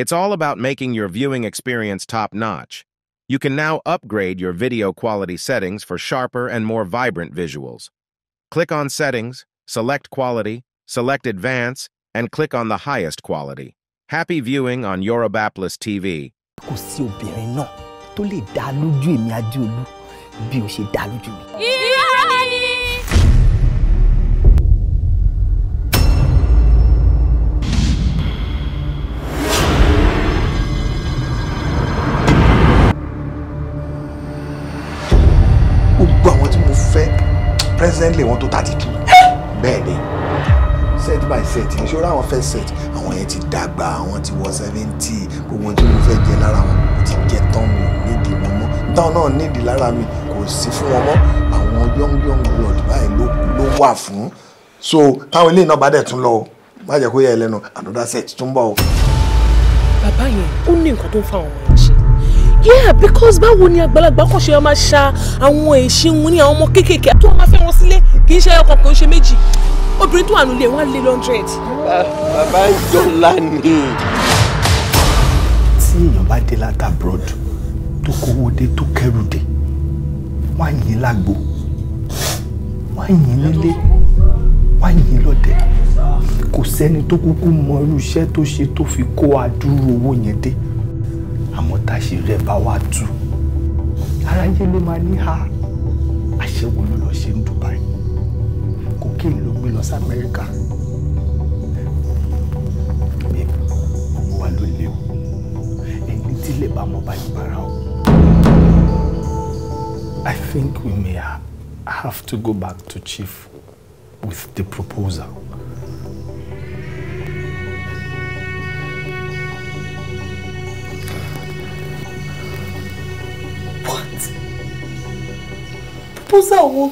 It's all about making your viewing experience top-notch. You can now upgrade your video quality settings for sharper and more vibrant visuals. Click on Settings, select Quality, select Advance, and click on the highest quality. Happy viewing on Yorubapolis TV. fẹ́ presently wọn tó thirty two bẹ́ẹ̀ ni set by set ní ṣọ́ra àwọn first set àwọn yẹn ti dàgbà àwọn ti wọ seventy gbogbo ohun tí mo fẹ́ jẹ lára wọn kò ti jẹ tán mi nídìí wọn mọ́ táwọn náà nídìí lára mi kò sí fún wọn mọ́ àwọn young young blood báyìí ló wà fún so táwọn eléyìí náà bá dẹ̀ tún lọ o má jẹ́ kó yẹ ẹ lẹ́nu another set tún bọ̀ o. bàbá yẹn ó ní nǹkan tó ń fa ọmọ ẹ̀ ṣe yeah because báwo ni àgbàlagbà kan ṣe máa ṣa àwọn èṣin wọn ní àwọn ọmọ kéékèèké tó máa fẹ́ wọn sílé kì í ṣe ọkàn kì í ṣe méjì obìnrin tó wà nílé wọn lé hundred. Ah, bàbá ń jọ lánìí. tí èèyàn bá dé láti abroad tó kówó dé tó kẹrù dé wọ́n á yìn lágbo wọ́n á yìn nílé wọ́n á yìn lọ́dẹ kò sẹ́ni tó kúkú mọ irú iṣẹ́ tó ṣe tó fi kó adúrú owó yẹn dé àmọ́ táṣì rẹ̀ bá wá tú aráyé ló máa ní ha àṣẹwò ló lọ ṣe ń Dubai cocaine ló gbé lọ sí Amẹ́ríkà gbogbo wa ló léwu ẹni tílẹ̀ bá mọ́ bá ìbára o. I think we may have to go back to Chief with the proposal. proposal wo.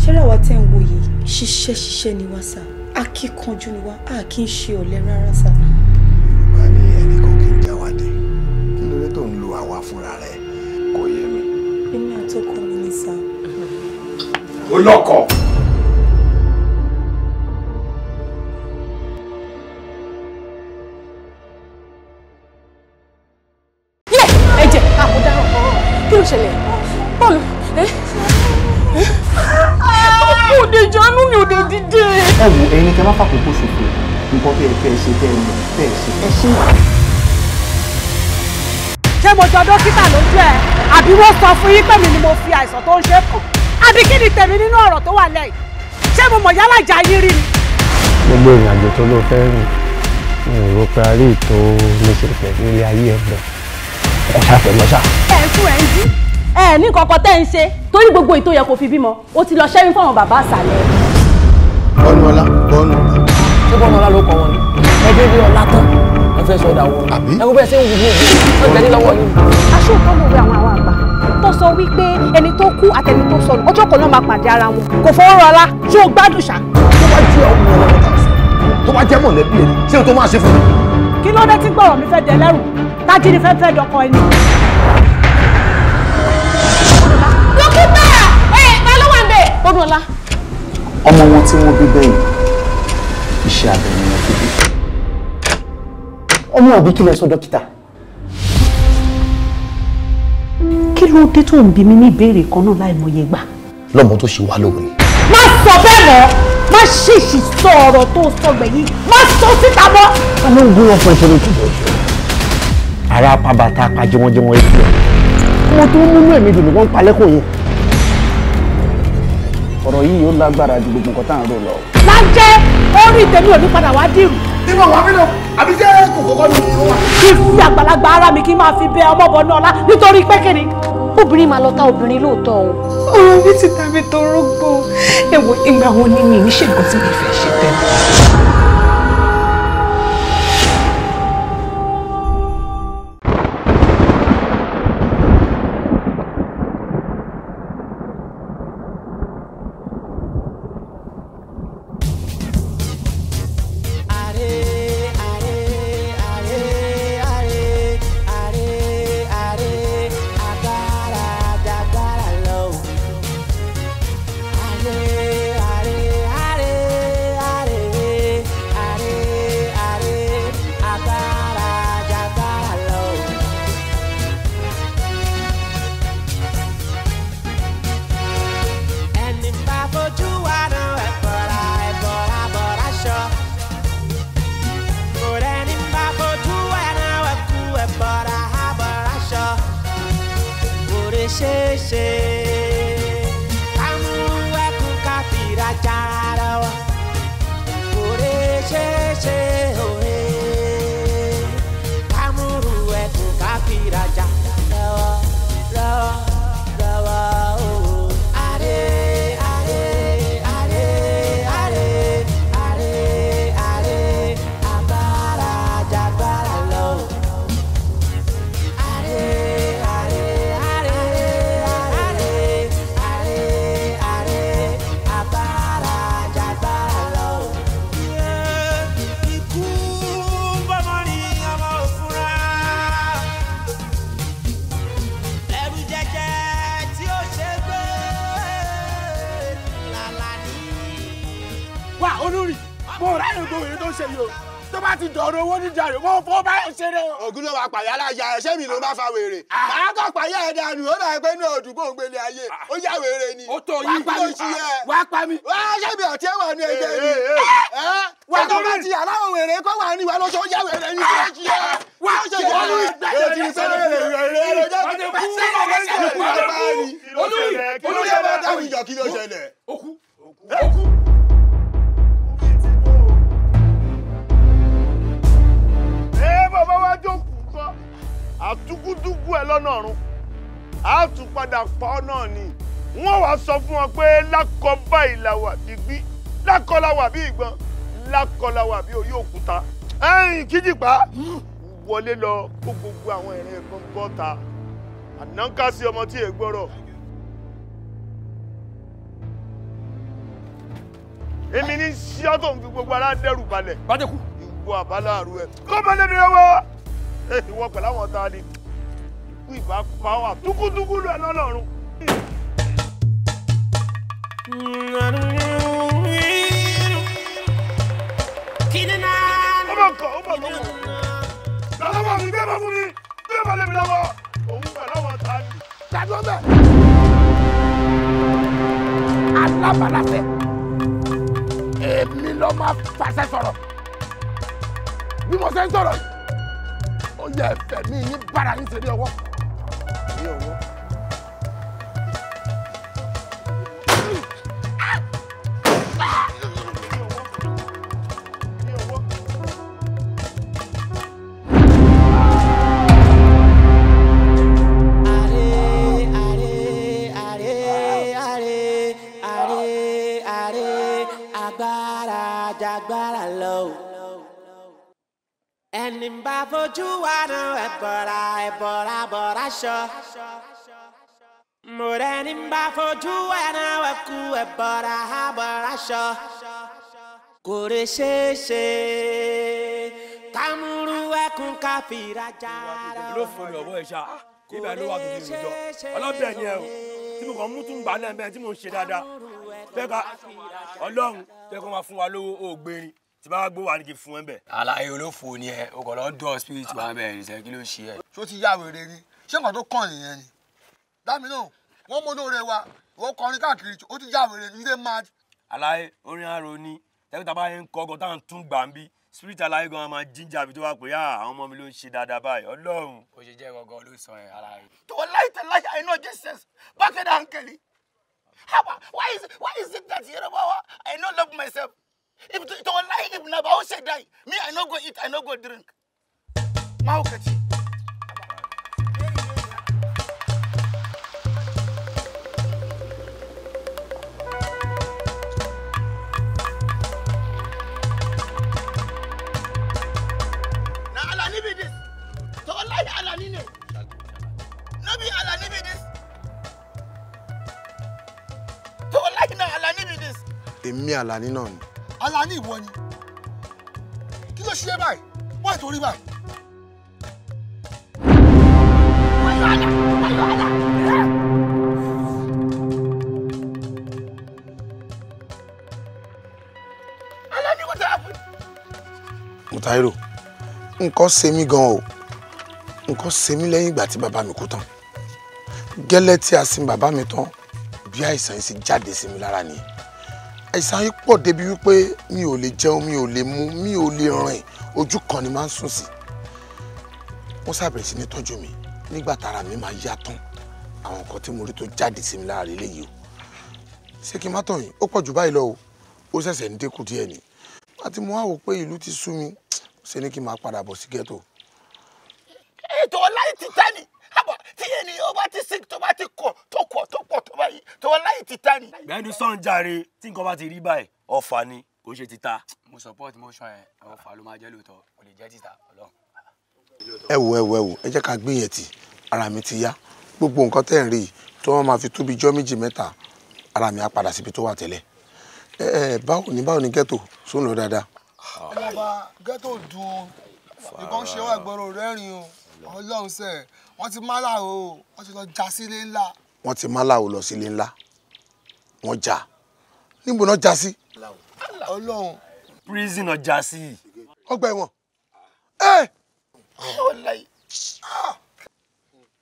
ṣẹ́rẹ́ àwa tẹ́ ń wo yìí ṣiṣẹ́ ṣiṣẹ́ ni wá sá akíkanjú ni wá a kì í ṣe ọ̀lẹ rárá sá. yorùbá ní ẹnìkan kì í jáwádìí kí ló dé tó ń lo àwa fúnra rẹ kò yé mi. èmi àtọkọ mi ni sá. ó ṣẹlẹ̀? Bọ́ọ̀lù ẹ́ òde ìjánú mi òde dídé. Ẹ wo ẹni tẹ bá fàkókò ṣòfò nǹkan tẹ ẹ fẹ́ ṣe tẹ ẹ mọ̀ tẹ ẹ ṣe ẹ ṣe. Ṣé mo jọ dókítà lójú ẹ? Àbí wọ́n sọ fún yín pé mi ni mo fi àìsàn tó ń ṣe kàn? Àbí kí ni tèmi nínú ọ̀rọ̀ tó wà lẹ́yìn? Ṣé mo mọ̀ yálà ìjà yín rí ni? Gbogbo ìrìnàjò tó ló fẹ́ rìn, mi rò pé a rí ìtò mi ṣe ayé ẹ̀gbọ́n ọkọ ṣáà pẹ̀lú ọṣà. ẹ fún ẹ ń jí ẹ ní kankan tẹ́ ń ṣe torí gbogbo ètò yẹ kó fi bímọ o ti lọ ṣẹ́yìn fún àwọn bàbá àṣàlẹ̀. bọ́ọ̀nù ọlá bọ́ọ̀nù. ṣé bọ́ọ̀nù ọlá ló kọ wọn ni ẹ dé bí ọlá tán ẹ fẹ́ sọ̀dà wọn. àbí ẹ kó bẹ́ẹ̀ ṣe ń wúwo ẹ tẹ̀lé lọ́wọ́ yìí. aṣọ ìkọlù rẹ àwọn àwọn àgbà tó sọ wípé ẹni tó kú àtẹni tó sọnù ọjọ́ kan náà máa pàdé ara wọn kò fọwọ́ rọ ọlá ṣé o gbádùn ṣá. tó bá jẹ́ ọmọ ọlọ́run tó bá jẹ́ mọ̀lẹ́bí ẹ̀ ṣé o tó máa ṣe fún mi. kí ló dé tí gbọ́rọ̀ mi fẹ́ dẹ lẹ́rù tájírí fẹ́ fẹ́ dọkọ ẹni. lókè bẹ́ẹ̀ ẹ bá ló wà ń bẹ̀. bọ́dúnlá. ọmọ wọn tí wọ́n bí bẹ́ẹ̀ iṣẹ́ abẹ ni wọ́n fi bí. ọmọ òbí kí lẹ sọ dókítà. kí ló dé tó ń bi mi ní ìbéèrè kan náà láì mọye gbà. lọ́mọ tó ṣe wá lóhùn ni. má sọ bẹ́ẹ̀ mọ́ má ṣèṣì sọ ọ̀rọ̀ tó sọ gbẹ̀yìn má sọ síta mọ́. ta ló ń gún ìṣòro tó bọ̀ ṣe ara pàbàtà pàjẹwọjẹwọ etí ẹ ọmọ tó ń múnú ẹ̀mí dùnú wọn ń palẹ́ kò yẹ. ọ̀rọ̀ yìí ó lágbára ju gbogbo nǹkan tá à ń rò lọ. láńjẹ́ orí tèmi ò ní padà wá dìrù. nínú àwọn amínú àbí jẹ́ kòkòkò ní ìlú wa. kí fi àgbàlagbà ara mi kí n máa fi bẹ ọmọ náà lá nítorí pékeré obìnrin máa lọ ta obìnrin lóòótọ́ o. ọ̀rọ̀ mi ti tàbí tó rógbó ẹ̀wọ̀n ìgbà wo ni mi ní ṣègùn àyà ẹ̀ṣẹ́ mi ló bá fa wèrè. àkọ́pọ̀ ayé ẹ̀dá ni ó dà pé ní òdùbò ń gbélé ayé ó yá wèrè ni. ó tó yí wá pa mi wá pa mi. wá ṣé mi ọ̀tí ẹ̀wà ni ẹgbẹ́ mi. wà á tó bá ti aláwọ̀ wèrè kó wà ní wa ló ṣe ó yá wèrè ni ó ṣe é. wá ṣe wọ́n ní ìgbẹ́ Òkú. Òkú. Ẹ bàbá wa jókòó àtúkútúkú ẹ lọ́nà ọ̀run àtúpadà pa ọ́ náà ni wọ́n wàá sọ fún wọn pé lákọ báyìí làwà bí gbí lákọ làwà bí ìgbọ́n lákọ làwà bí òye òkúta ẹ̀yìn kíjìpá wọlé lọ kó gbogbo àwọn ẹ̀rín gbọ́ngàn ta àná ń ká sí ọmọ tí èé gbọ́rọ̀. èmi ní ṣíọ́ fi gbogbo ara dẹ́rù balẹ̀. ìwọ àbálà àrùn kọ́ bẹ́ẹ̀ lé mi lọ́wọ́ ìwọ pẹ̀lú àwọn ta ni ikú ìbá pa wà túkútúkú lọ ẹ lọ́lọ́run. ó mọ̀ kọ́ ó mọ̀ lọ́wọ́ lọ́wọ́ mi bẹ́ẹ̀ bá fún mi bẹ́ẹ̀ bá lé mi lọ́wọ́ òun pẹ̀lú àwọn ta ni. tàbí ọbẹ̀. alábàlàfẹ́ èmi ló máa fàṣẹ sọ̀rọ̀ bí mo ṣe ń sọ̀rọ̀ yìí ó yẹ ẹ̀fẹ̀ mi yín bára yín ṣe tí n bá fojú wa náà ẹ bọ̀ra ẹ bọ̀ra bọ̀ra ṣọ. mo rẹ ní n bá fojú wa náà ẹ kú ẹ bọ̀ra ẹ bọ̀ra ṣọ. kò lè ṣeé ṣe kámúrú ẹkún ká fìrajà rẹ. ló fún mi ọwọ́ ẹ ọlọ́bẹ̀ ni ẹ o tí mo kàn mú tún gbà náà bẹ́ẹ̀ tí mo ń ṣe dáadáa bẹ́ẹ̀ ká ọlọ́run tẹ́kọ̀ọ́ máa fún wa lówó ògbérin tí bá gbó wa ni kì í fún ẹ bẹ. àlàyé olófo ni ẹ o kò lọ dọ spirit wa ah. bẹ ẹnìṣẹ kí ló ṣe ẹ. ṣó ti yá wèrè rí ṣé nǹkan tó kàn nìyẹn ni dámínà wọn mú lóore wa wọn kọrin káàkiri ó ti yá wèrè ní ilé mad. àlàyé orin aró ni tẹ́kítà bá ń kọ́ ọkọ̀ tá tún gbà ń bí spirit àlàyé gan máa jíjà àbí tó wà pé àwọn ọmọ mi ló ń ṣe dáadáa báyìí ọlọ́run. o ṣe jẹ́ gangan ló sọ ẹ̀ àlàyé. tó láì tẹ̀ láì àìná Jesus bákẹ́dà ń kẹ́lí. why is why is it that Yorùbá wa I no love myself. If it to like if na say die. Me I no go eat, I no go drink. Mahaukaci. èmi àlàní náà ni ala ní ìwọ ni kí ló ṣe báyìí wọ́n ìtòrí báyìí. Mùtáírò nǹkan ṣe mí gan o nǹkan ṣe mí lẹ́yìn ìgbà tí bàbá mi kú tán gẹ́lẹ́ tí a sin bàbá mi tán bí àìsàn yìí ṣe jáde sí mi lára nìyẹn àìsàn yìí pọ̀ débi wípé mi ò lè jẹun mi ò lè mu mi ò lè rìn ojú kan ni máa ń sùn sí wọ́n ṣàbẹ̀rẹ̀ sí ní tọ́jú mi nígbà tára mi máa yá tán àwọn nǹkan tí mo rí tó jáde sí mi láàrin eléyìí o ṣé kí n má tàn yín ó pọ̀ jù báyìí lọ o ó ṣẹ̀ṣẹ̀ ń dínkù díẹ̀ ni àti mo wá wò pé ìlú ti sú mi ṣe ni kí n máa padà bọ̀ sí ghetto báyìí tó wá láyé títà ni. gbẹ́nu sọ̀n jàre tí nǹkan bá ti rí báyìí ọ̀fà ni kò ṣe títà. mo support motion ẹ ọ̀fà ló máa jẹ́ lóòótọ́ kò lè jẹ́ títà ọlọ́run. ẹ wo ẹ wo ẹ wo ẹ jẹ́ ká gbé tì ara mi ti yá gbogbo nǹkan tẹ́ ń rí tó wọ́n máa fi tóbi jọ́ méjì mẹ́ta ara mi á padà síbi tó wà tẹ́lẹ̀ ẹ báwo ni báwo ni ghetto sóun lọ dáadáa. ẹ ghetto dùn ìbọn ṣe wà gbọ́rọ̀ rẹ́rìn-ín o ọlọ́run sẹ́ẹ̀ wọ́n ti má láàárọ̀ wọ́n ti lọ já sílé ńlá wọ́n ti máláwo lọ sílé ńlá wọ́n jà níbo náà já sí. ọlọ́run prison ọjà sí ọgbà ẹ̀wọ̀n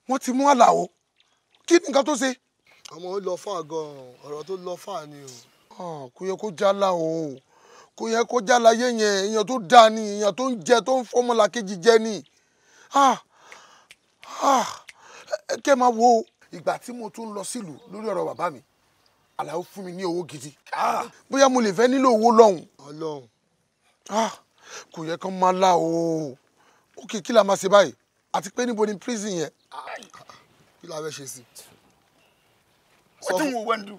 wọ́n ti mú àlàó kí ni tó ṣe. ọmọ ó lọ fà gan-an tó lọ fà ni o. kò yẹ kó jálá o kò yẹ kó jálá yé yẹn èèyàn tó dà ní èèyàn tó ń jẹ tó ń fọmọlà kejì jẹ ní. kẹ́ máa wo ìgbà tí mo tún lọ sílùú lórí ọ̀rọ̀ bàbá mi Àlàó fún mi ní owó gidi ah! Ah! bóyá mo lè fẹ́ nílò owó lọ́hùn. Ọlọ́run ah! kò yẹ kán máa la o ó kì í kí la máa ṣe báyìí àti pé níbo ni prison yẹn. kí la fẹ́ ṣe sí. ó tún wò wẹ́ndù.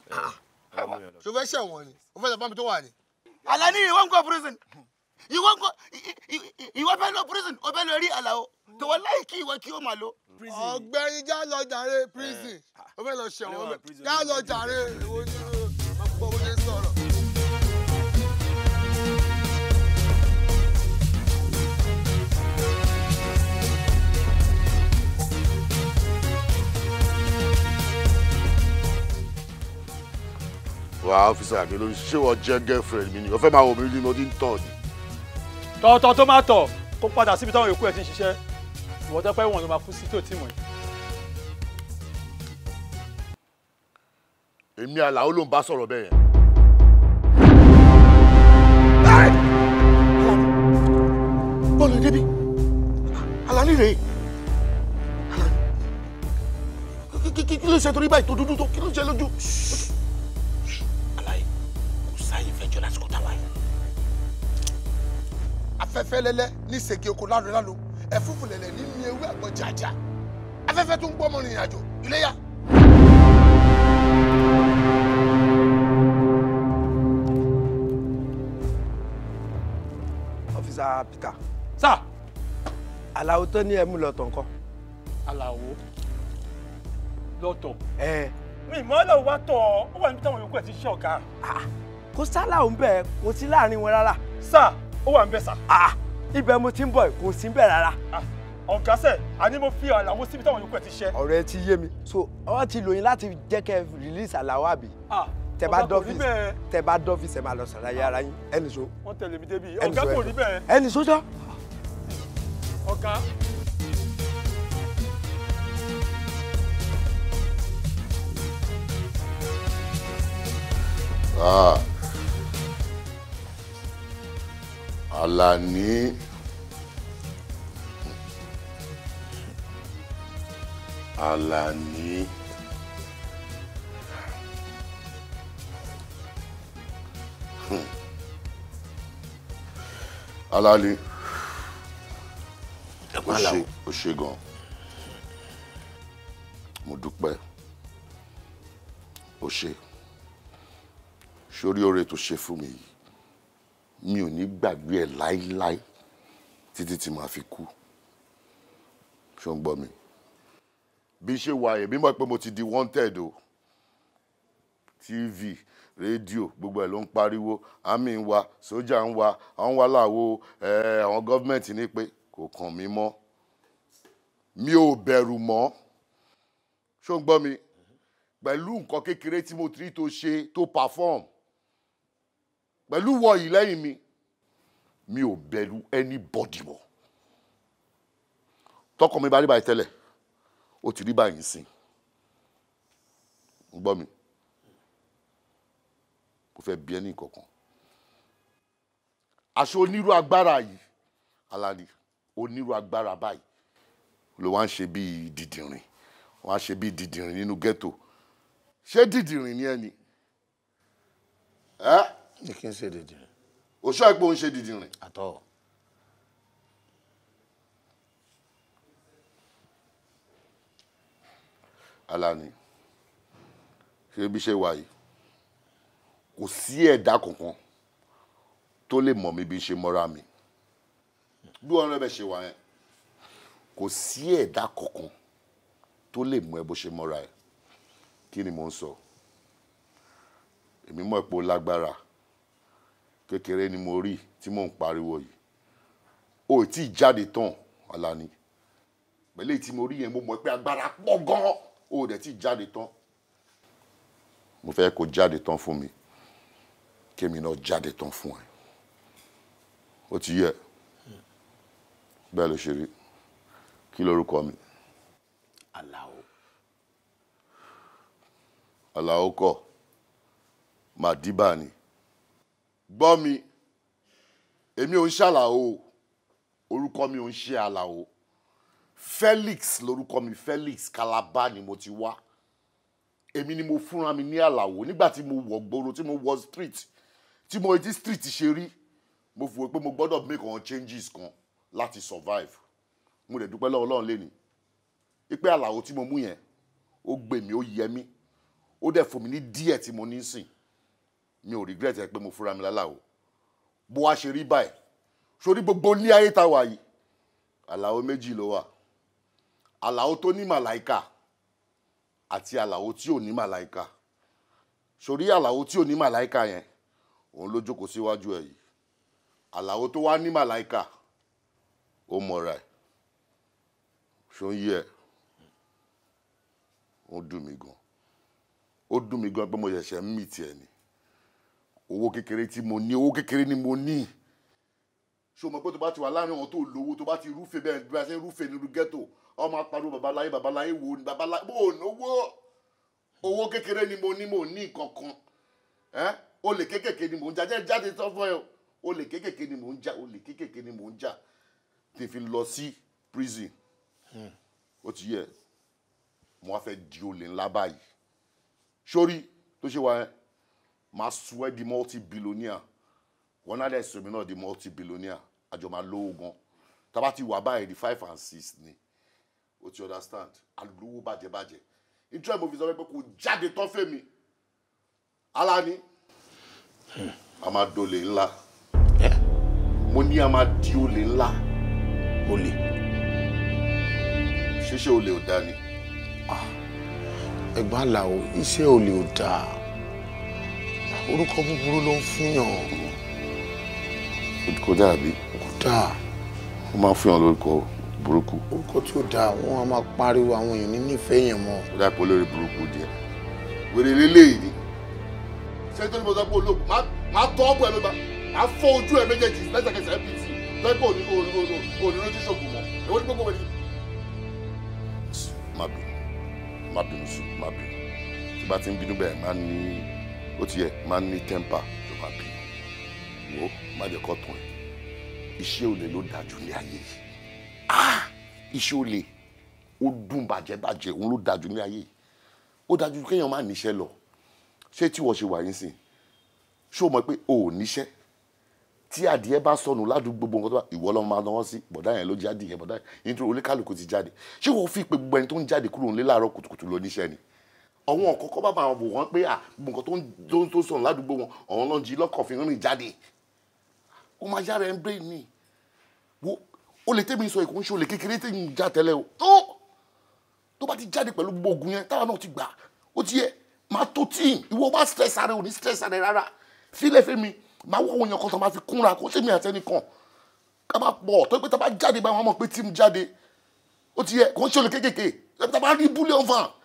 ṣo fẹ́ ṣẹ̀wọ̀n ni o fẹ́ sọ fún mi tó wà ní. Àlàní ìwọ ń kọ prison ìwọ ń kọ ìwọ fẹ́ lọ prison o fẹ́ lọ rí Àlàó tọwọ́ láì kí ìwọ kí ó máa lọ ọ̀gbẹ́ni já lọ jàre eh, prison ó ah. fẹ́ lọ ṣẹ̀wọ̀n já lọ jàre èwo ni ọkọ̀ òun ṣe sọ̀rọ̀. wà lórí ṣé wọ́n jẹ́ girlfriend mi ni o máa wò mí ní mo ti ń tọ̀ ni. tọ̀tọ̀ tó máa tọ̀ kó padà síbi táwọn èkó ẹ̀ ti ń ṣiṣẹ́ ìwọ́n tó pẹ́ wọ̀n ló máa fún sí tó tì mọ́ yìí. èmi àlàó ló ń bá sọ̀rọ̀ bẹ́ẹ̀ yẹn. bọ́ọ̀lù débi alani rèé kí ló ṣe torí báyìí tó dúdú tó kí ló ṣe lójú. alaye kò sáyé fẹjọ lásìkò táwa yìí. afẹ́fẹ́ lẹ́lẹ́ ní sèké oko láro láro ẹ̀fúnfùlẹ̀lẹ̀ ní mi ewé àgbọn jàjà afẹ́fẹ́ tó ń gbọ́ ọmọ rìnrìn àjò iléyà. ọ́fíìsà Peter. sá. Àlàó tó ní ẹmú lọ́tọ̀ nǹkan. Àlàó lọ́tọ̀. ẹ. mi ìmọ̀ ọ̀là wa tọ̀ ọ́ ó wà níbi táwọn yòókù ẹ̀ ti ṣe ọ̀gá. Ah, kò sálà ń bẹ̀ kò sí láàrin wọn rárá. sá ó wà ń bẹ̀ sá. Ah, ibẹ̀ mo ti ń bọ̀ kò sí bẹ́ẹ̀ rárá. Ah, ọ̀gá sẹ̀ àní mo fi àlàwọ̀ síbi táwọn yòókù ẹ̀ ti ṣe. ọ̀rọ̀ ẹ ti yé mi so wọ́n ti lòyìn láti jẹ́ kẹ́ release àlàwọ̀ àbí. Ah, tẹ bá dọ́fíìsì tẹ bá dọ́fíìsì ẹ máa lọ sàrà ah, yàrá yín ẹnì so. wọ́n tẹ̀lé mi débi ọ̀gá kò rí bẹ́ẹ̀. ẹnì so jọ. ọ̀gá. Ah. alani alani alani ó ṣe ó ṣe gan mo dúpẹ́ ó ṣe sórí oore tó ṣe fún mi yìí mi ò ní gbàgbé ẹ̀ láíláí títí tí màá fi kú ṣó ń gbọ́ mi bí ṣe wà èmi mọ̀ pé mo ti di wanted o tv rédíò gbogbo ẹ̀ ló ń pariwo àmì ń wa sójà ń wa àwọn wà láwo àwọn gọ́ọ̀mẹ̀ntì ní pé kò kàn mí mọ́ mi ò bẹ̀rù mọ́ ṣó ń gbọ́ mi pẹ̀lú nǹkan kékeré tí mo ti rí tó ṣe tó perform pẹ̀lú wọ yìí lẹ́yìn mi mi ò bẹ̀rù anybody mọ́ tọkọ mi bá rí báyìí tẹ́lẹ̀ ó ti rí báyìí sìn ń gbọ́ mi kò fẹ́ bí ẹni kankan aṣọ onírú agbára yìí alani onírú agbára báyìí ló wá ń ṣe bíi dìdìrìn wọ́n á ṣe bíi dìdìrìn nínú ghetto ṣé dìdìrìn ni ẹ ni ẹ́. Eh? ní kí n ṣe dìdìrín. òṣù àìpò ń ṣe dìdìrín. àtọ. Alani ṣe bí ṣe wà yìí kò sí ẹ̀dá kankan tó lè mọ̀ mí bí ṣe mọ́ra mi bí wọn rẹ bẹ ṣe wà yẹn kò sí ẹ̀dá kankan tó lè mọ̀ ẹ bó ṣe mọ́ra ẹ kí ni mò ń sọ èmi mọ̀ pé ó lágbára kékeré ni mo rí tí mò ń pariwo yìí o tí ì jáde tán Alani pẹ̀lú èyí tí mo rí yẹn mo mọ̀ pé agbára pọ̀ gan o dẹ̀ tí ì jáde tán mo fẹ́ kó jáde tán fún mi kémi náà jáde tán fún ẹ ó ti yẹ bẹ́ẹ̀ ló ṣe rí kí lorúkọ mi. Alao. Alao kọ Madiba ni gbọ́ mi èmi ò ń ṣàlàó orúkọ mi ò ń ṣe àlàó Felix lorúkọ mi Felix kalaba ni mo ti wá èmi ni mo fúnra mi ní àlàó nígbà tí mo wọ̀ gbòòrò tí mo wọ̀ street tí mo etí street ṣe rí mo fòwe pé mo gbọ́dọ̀ make àwọn changes kan láti survive mo dẹ̀ dúpẹ́ lọ́wọ́ Ọlọ́run lẹ́ni ipe àlàó tí mo mú yẹn ó gbèmí ó yẹ mí ó dẹ̀ fòmí ní díẹ̀ tí mo ní sìn mi ò regret ẹ pé mo fura mi lálà o bó wá ṣe rí báyìí sórí gbogbo ní ayé ta wà yìí àlàó méjì ló wà àlàó tó ní màláìka àti àlàó tí ò ní màláìka sórí àlàó tí ò ní màláìka yẹn òun ló jókòó síwájú ẹ yìí àlàó tó wá ní màláìka ó mọ̀ra ẹ̀ ṣó ń yí ẹ̀ ó dùn mí gan ó dùn mí gan pé mo ṣẹ̀ṣẹ̀ ń mì tiẹ̀ ni owó kékeré tí mo ní owó kékeré ni mo ní ṣé o mọ̀ pé tó bá ti wà láàrin àwọn tó lówó tó bá ti rúfe bẹ́ẹ̀ bí a ṣe ń rúfe nínú ghetto ọmọ apariwo babaláyé babaláyé wo ni babaláyé bó o náwó owó kékeré ni mo ní mo ní kankan O olè kékèké ni mò ń jà jẹ́ jáde tán fún ẹ o olè kékèké ni mò ń jà olè kékèké ni mò ń jà tèfi lọ sí prison hmm. ó ti yẹ mo wá fẹ́ di olè ńlá báyìí sórí tó ṣe wà yẹn máa sún ẹ di multi-billionaire wọn náà dẹ̀ sọ èmi náà di multi-billionaire àjọ máa lówó gan tábà ti wà báyìí di five and six ni o ti understand alùpùpù bàjẹ́ bàjẹ́ ìjọ ìmọ̀ fi sọ pé kò jáde tán fèmí alani a máa dolè ńlá mo ní a máa di olè ńlá olè ṣíṣe olè ò dá ni. Ah, ẹ̀gbọ́n àlàó iṣẹ́ olè ò dáa orúkọ búburú ló ń fún yàn. kò dáa bí. kò dáa. ó máa ń fún yàn lórúkọ burúkú. orúkọ tí ò dáa wọn a máa pariwo àwọn èèyàn ní nífẹ̀ẹ́ yẹn mọ́. ó dàpọ̀ lórí burúkú díẹ̀ wèrè lélẹ́yìí ni sẹ́ni tó ní bọ́sọ̀ pé olóògùn máa tọ́ ọ́ pẹ̀lú bá máa fọ́ ojú ẹ̀ méjèèjì lẹ́sẹ̀kẹsẹ̀ mpt lọ́pọ̀ òní òní lójú ṣògùn mọ́ èwo ni gbogbo wẹ̀ ni. má bínú má bínú sùn má bínú tí bá ti ń bínú bẹ́ẹ̀ má ní ó ti yẹ máa ní tẹ́ḿpà tó máa bì wò ó má jẹ́ kó tán iṣẹ́ olè ló dájú ní ayé yìí ah iṣẹ́ olè ó dùn bàjẹ́ bàjẹ́ òun ló dájú ní ayé yìí ó dájú kéèyàn má níṣẹ́ lọ ṣé tí ṣe wà yín sìn ṣé o mọ̀ pé o ò níṣẹ́ tí adìẹ bá sọnù ládùúgbò gbogbo nǹkan tó bá ìwọ lọ́mọ máa náwó sí bọ̀dá yẹn ló jáde yẹn bọ̀dá yẹn nítorí oníkálukú ti jáde ṣé wọ́n fi pé gbogbo ẹni tó ń jáde kúrò nílé láàárọ̀ kùtùkùtù lóníṣẹ́ ni àwọn ọ̀kọ̀ọ̀kọ̀ bàbá àwọn bò wọ́n pé nǹkan tó ń tó sọ̀rọ̀ ládùúgbò wọn ọ̀hún lọ́n jí lọ́kàn fi rìn jáde ó máa yára ẹ̀ ń bẹ́ẹ̀ ni wo ó lè tẹ́mi sọ ìkún ṣe olè kékeré tẹ́mi já tẹ́lẹ̀ o tó tó bá ti jáde pẹ̀lú gbogbo ogun yẹn táwa náà ti gbà ó ti yẹ máa tó tíì ìwọ bá stress ara ò ní stress ara rárá fílẹ̀ fẹ́mi máa wọ àwọn èèyàn kan tó máa fi kúnra kó tẹ́mi àtẹnìkan ká má pọ̀ tó pé tá a bá jáde báwọn ọmọ pé tí mo jáde ó ti yẹ kó ń ṣe olè kékèké tá a bá rí búlẹ̀ ọ̀fàn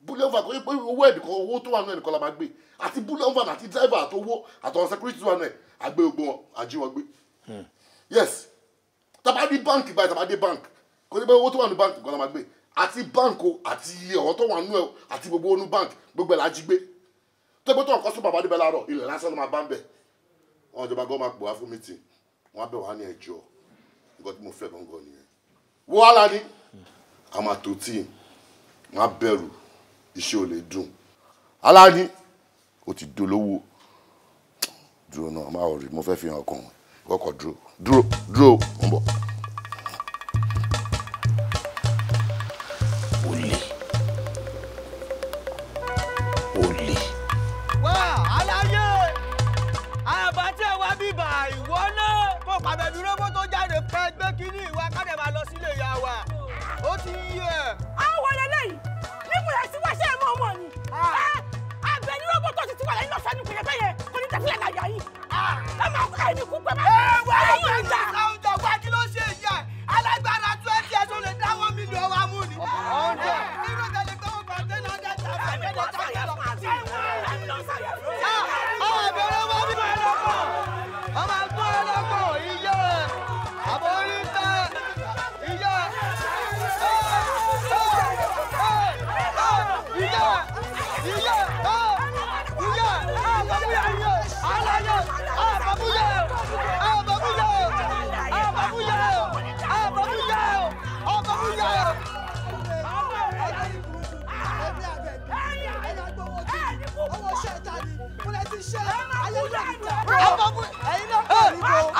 bullion van owó ẹnìkan owó tó wà nù ẹnìkan la máa gbé àti bullion van àti driver àti owó àtọ̀wọ̀n security wà nù ẹ̀ àgbẹ̀ ògbó wọn àjíwọ̀n gbé. yes tàbá dé báǹkì báyìí tàbá dé báǹkì kò ní bẹ́ẹ̀ owó tó wà nù báǹkì kan la máa gbé àti hmm. báǹkì o àti ọ̀wọ́ tó wà nù ẹ̀ àti gbogbo onú báǹkì gbogbo ẹ̀ la jí gbé tẹ́gbẹ́ tó ọ̀kọ́ sọ́ba àbádébẹ́ láàárọ̀ ilẹ̀ lásán ló máa bá ń bẹ̀ wọn ìjọba gan máa pò wá fún mítìn wọn á bẹ̀ wá ní ẹjọ́ nǹkan tí mo fẹ́ gangan nìyẹn wọ́n á lá ní àwọn àtòtí wọn á bẹ̀rù iṣẹ́ ò lè dùn aláàní ó ti dolówó dúró náà má rí mo fẹ́ fi hàn kàn kọ́kọ́ dúró dúró dúró ń bọ̀. olè olè. wá aláyé àbátẹ wa bíbà ìwọ náà kó pàbẹ dúró kó tó jáde pẹ gbé kínní pààyàn yín lọ́sàn-án ní pẹ̀lẹ́pẹ̀yẹ kò ní tẹ̀sílẹ̀ láyà yìí ah, ẹ máa kọ́ ẹ̀mí kú pẹ̀lú ẹ̀yìn ìjà.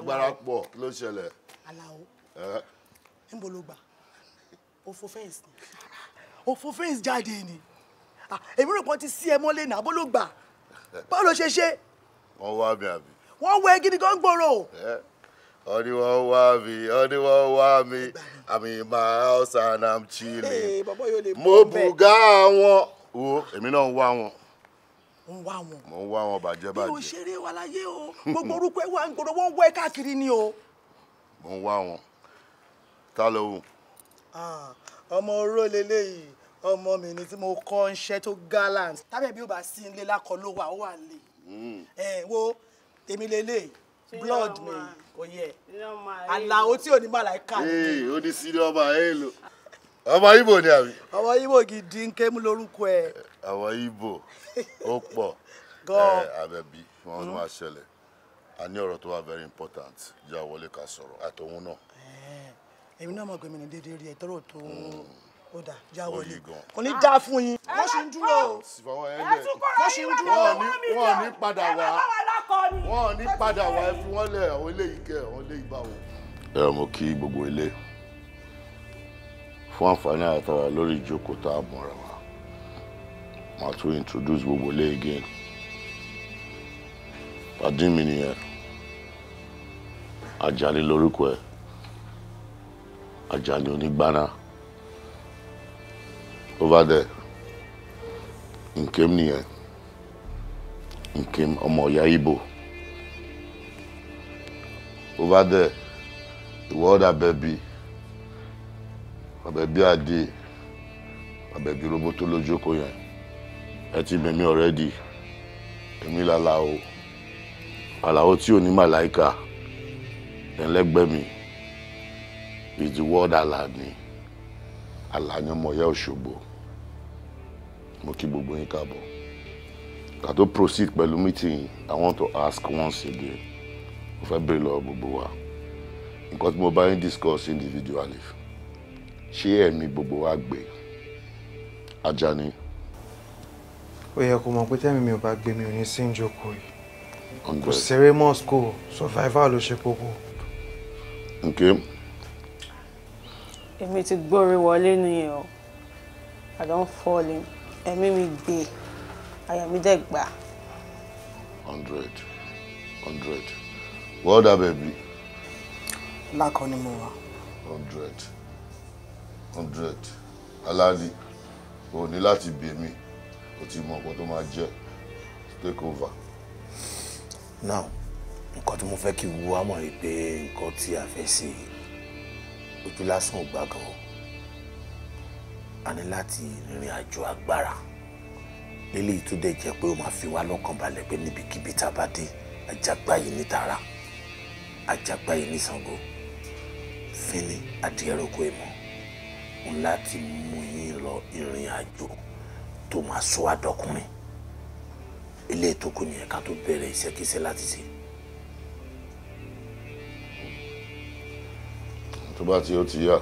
agbára pọ̀ kí ló ṣẹlẹ̀. Alao níbo ló gbà òfò fẹ́ǹsì òfò fẹ́ǹsì jáde ni èmi rò pọ́n ti sí ẹ mọ́lẹ̀ náà bó ló gbà báwo ló ṣe ṣe. wọ́n wá mi àbí. wọ́n wẹ gidi gan gbòòrò. Only one want me, only one want me. I'm in my house and I'm chilling. Mo bùgá wọn. Wo èmi náà ń wá wọn ń wá wọn. mo ń wá wọn bàjẹ́ bàjẹ́. bí o ṣeré wa láyé o gbogbo orúkọ ẹ wà ń gbòòrò wọn wẹ káàkiri ni o. mo ń wá wọn ta ló wù. ọmọ oró leléyìí ọmọ mi ni tí mo kọ́ iṣẹ́ tó gallant tábẹ́ bí o bá sí ilé lákọ ló wà ó wà lè. Hmm. ẹ wo èmi leléyìí blood mi kò yẹ àlàó tí ò ní màláìka. ee ó ní sílé ọba ẹ lò ọmọ ibo ni àbí. ọmọ ibo gidi ń ké mú lórúkọ ẹ. ọmọ ibo ó pọ̀ abẹ́bí wọn ló máa ṣẹlẹ̀ a ní ọ̀rọ̀ tó wà very important yà wọlé ká sọ̀rọ̀ àtòun náà. èmi náà mọ̀ pé mi ní déédéé rí ẹ̀ tọ́rọ̀ tó hmm. ó dà já wọlé kò ní dá fún yín wọ́n ṣì ń dúró wọ́n ṣì ń dúró wọ́n ní padà wá wọ́n ní padà wá ẹ fi wọ́n lẹ̀ àwọn eléyìí kẹ́ àwọn eléyìí báwo. ẹ mo kí gbogbo ilé fún àǹfààní àtàrà lórí ìjókòó tá a mọ̀ra ma to introduce gbogbo again pàdé mi nìyẹn Àjàní lórúkọ ẹ ajali onigbana, over there nkem nìyẹn nkem ọmọ ọ̀yá ibo, over there ìwọ ọ̀dà bẹ̀bí abẹ̀bí adé abẹ̀bí roboto lójókòó yẹn. ẹ ti bẹ̀ mí ọ̀rẹ́dì èmi làlàó àlàó tí ò ní màláìka ẹlẹ́gbẹ́ mi ìdíwọ́dà àlàní àlàyànmọ̀yà Òṣogbo mo kí gbogbo yín káàbọ̀ ká tó proceed pẹ̀lú meeting I want to ask once again mo fẹ́ béèrè lọ́wọ́ gbogbo wa nǹkan tí mo bá yín discuss individually ṣé ẹ̀mí gbogbo wa gbé Ajani ó yẹ kó mọ̀ pé tẹ́mi mi ò bá gbé mi ò ní sí ìjókòó yìí kò ṣeré mosque survival ló ṣe kókó. Nkem. èmi ti gbórí wọlé nìyẹn o i don fall in ẹ̀mí mi gbé àyà mi dẹ̀ gbà. hundred hundred wọ́n dábẹ̀ bí. lákọ ni mo wà. hundred hundred aláàlì o ní láti bèmí o ti mọ nǹkan tó máa jẹ́ take over. now nǹkan tí mo fẹ́ kí wúwo á mọ̀ rí pé nǹkan tí a fẹ́ ṣe ojú lásán ò gbà gan a ní láti rìnrìn àjò agbára lélẹ́yìí tó dẹ̀ jẹ́ pé ó máa fi wá lọ́kàn balẹ̀ pé níbikíbi tá a bá dé àjàgbá yìí ní tara àjàgbá yìí ní Ṣàngó fínni adìyẹ roko ńlá ti mú yín lọ ìrìn àjò tó máa sọ àdọkùnrin eléyìí tó kù nìyẹn ká tó bẹ̀rẹ̀ iṣẹ́kíṣẹ́ láti ṣe. tó bá ti ó ti yá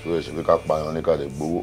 ṣùgbọ́n ìṣèlú ká pààyàn ní ká gbowó.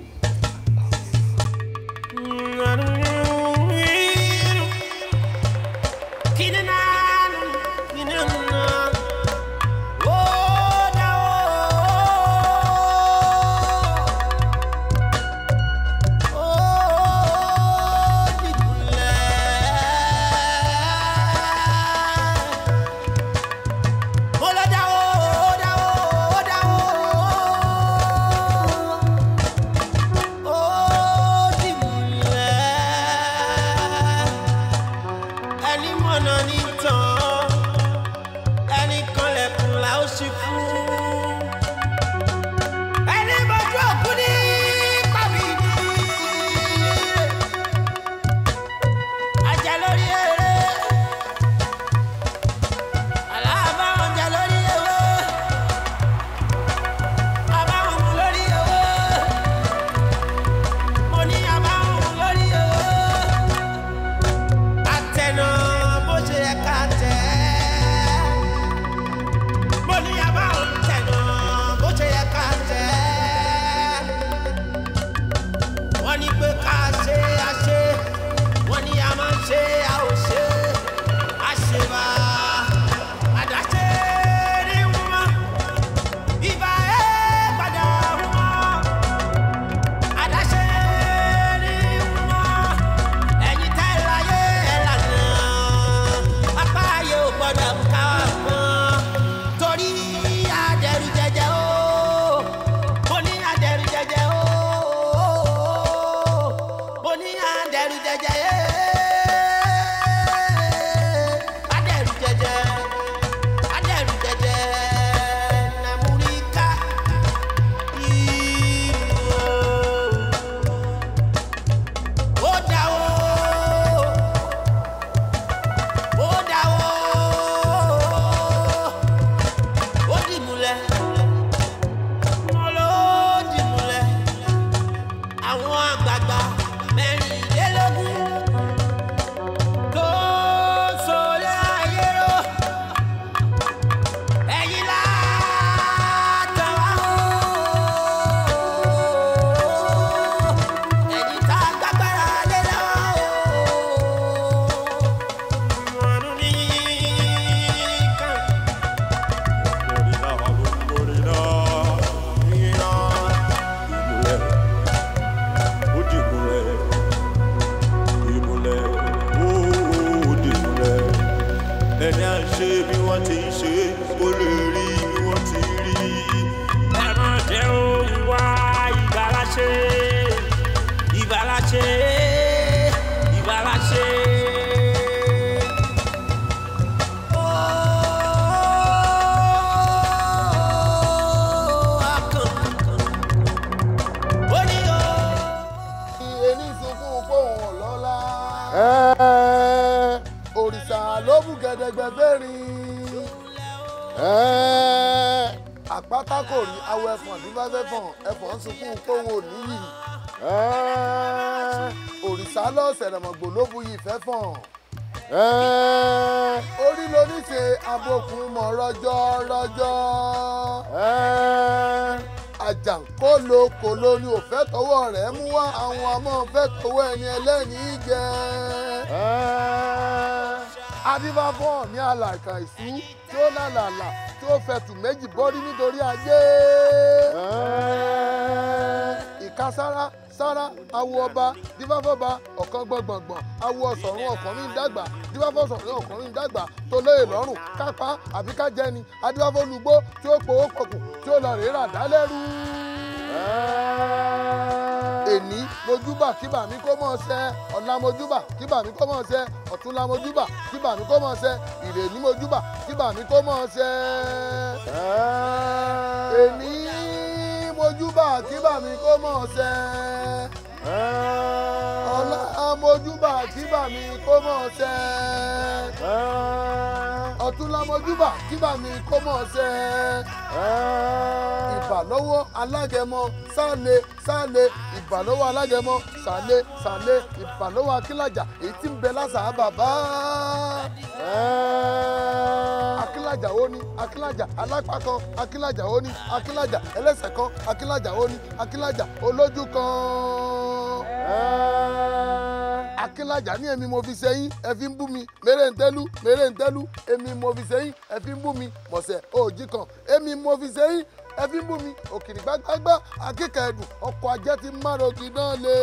yìí fẹ́ fọ̀n. orí lóní ṣe abokun mọ̀ rọ́jọ́ rọ́jọ́. àjàǹkóló kòló ni ò fẹ́ tọwọ́ rẹ̀ mú wá àwọn àmọ́ fẹ́ tọwọ́ ẹni ẹlẹ́ni jẹ. adífáfọ́ ní àlàkà ìṣú tí ó lálàlà tí ó fẹ̀tù méjì bọ́rí nítorí ajé ìka sára sára awo ọba dífáfọ́ba ọ̀kan gbọ̀ngbọ̀ngbọ̀n awo ọ̀sọ̀rún ọ̀kùnrin dàgbà dífáfọ́sọ̀rún ọ̀kùnrin dàgbà tó lóye lọ́rùn kápá àbí kájẹni adífáfọ́lugbó tí ó powó pọ̀kù tí ó lọ rèé rà èní mojúbà kíbà mi kó mọ̀ ṣe ọ̀la mojúbà kíbà mi kó mọ̀ ṣe ọ̀túnla mojúbà kíbà mi kó mọ̀ ṣe ìrèlú mojúbà kíbà mi kó mọ̀ ṣe. èní amójúbà kíbà mi kó mọ̀ ṣẹ́. ọlá amójúbà kíbà mi kó mọ̀ ṣẹ́ ọ̀tún lamọ́júbà kíbà mi kó mọ̀ ṣe ah. ìbàlọ́wọ́ alágẹmọ sálẹ̀ sálẹ̀ ìbàlọ́wọ́ alágẹmọ sálẹ̀ sálẹ̀ ìbàlọ́wọ́ akílàjà èyí tí ń bẹ lásàá bàbá ah. akílàjà ó ní akílàjà alápá kan akílàjà ó ní akílàjà ẹlẹ́sẹ̀ kan akílàjà ó ní akílàjà olójú kan. Ah akínlájà ní èmi mo fi sẹ́yìn ẹ fi ń bú mi mèrè ń tẹ́lú mèrè ń tẹ́lú èmi mo fi sẹ́yìn ẹ fi ń bú mi mọ̀sẹ̀ òòjì kan èmi mo fi sẹ́yìn ẹ fi ń bú mi òkìrì gbágbágbá akíkà ẹ̀dùn ọkọ̀ ajé ti márogì náà lé.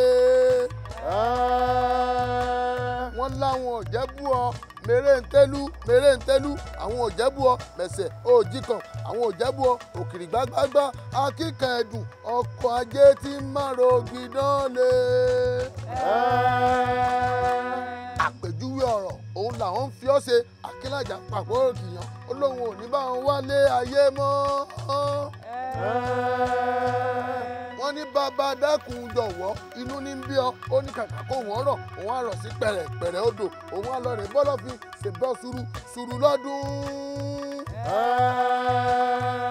wọ́n láwọn ọ̀jẹ́ bú ọ mèrè ń tẹ́lú mèrè ń tẹ́lú àwọn ọ̀jẹ́ bú ọ mẹ̀sẹ̀ òjì kan àwọn ọ̀jẹ́ bú ọ òkìrì gbágbágbá akíkà ẹ̀dùn ọkọ̀ ajé ti márogì náà lé. àpèjúwe ọ̀rọ̀ òun làwọn ń fi ọ́ ṣe àkínlàjà pàpọ̀ òkìyàn ó lóun ò ní bá wọn wálé ayé mọ́. wọ́n ní bàbá dákun dọ̀wọ́ inú ní bí ọ ó ní kàkà kó wọ́n rọ̀ òun á rọ̀ sí pẹ̀rẹ̀pẹ̀rẹ̀ odò òun á lọ rè bọ́lọ́fin ṣèbọ́ sùúrù sùúrù lọ́dún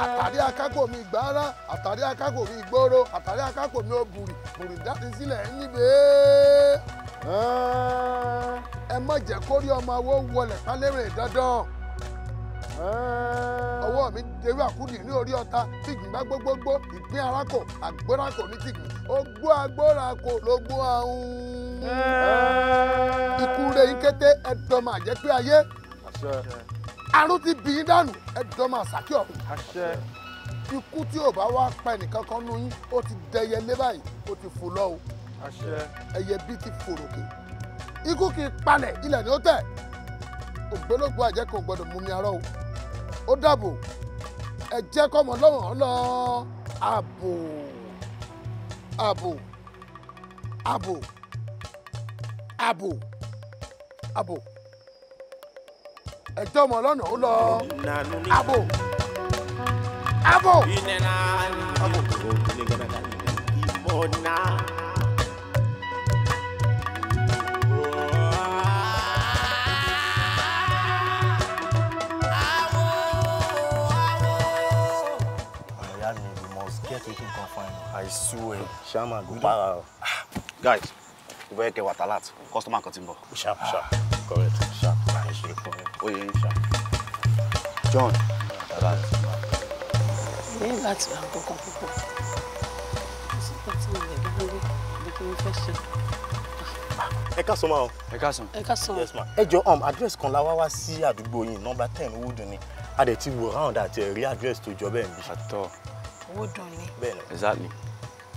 àtàrí akákò mi gbára àtàrí akákò mi àtàrí akákò mi bùrì sílẹ̀ níbẹ̀. ẹ má jẹ́ kó rí ọmọ awó wọlé kálẹ́rẹ̀ dandan ọwọ́ mi dewé àkúdì ní orí ọta tìgbìn bá gbogbogbò ìgbín arákò àgbóràkò ní tìgbìn ogbó agbóràkò lógbó ahun ikú rẹ̀ yín kété ẹ̀dọ́ máa jẹ́ pé ayé àrùn ti bì í dànù ẹ̀dọ́ máa sàkí ọ̀hún ikú tí ò bá wá pa ẹnìkan kan nù yín ó ti dẹyẹ lé báyìí ó ti fò lọ o. ẹyẹ bíi ti fòròkè ikú kì í palẹ̀ ilẹ̀ ni ó tẹ̀ ògbólógbòó àjẹ́ kò gbọ́dọ̀ mú arọ́ o ó dàbò ẹ jẹ́ kọ́mọ lọ́wọ́n lọ àbò àbò àbò àbò àbò ẹjọ́ ọmọ lọ́nà ó lọ àbò àbò àbò. mistaken kan fine. I swear. Ṣáàmà ló para Guys, ìbọn yẹn kẹ wà talat, customer cutting ti Sharp ah, sharp correct sharp. Oye yín sharp. John. Ní ìgbà tí wàá kọ̀ọ̀kan púpọ̀, kò sí pé tí mo ah, Yes ma'am. Um, address kan la wá wá sí àdúgbò yìí ten Owódù ni. A dẹ̀ ti wò round address to jọ bẹ́ẹ̀ níbi owó dùn ni. bẹ́ẹ̀ni. exactly.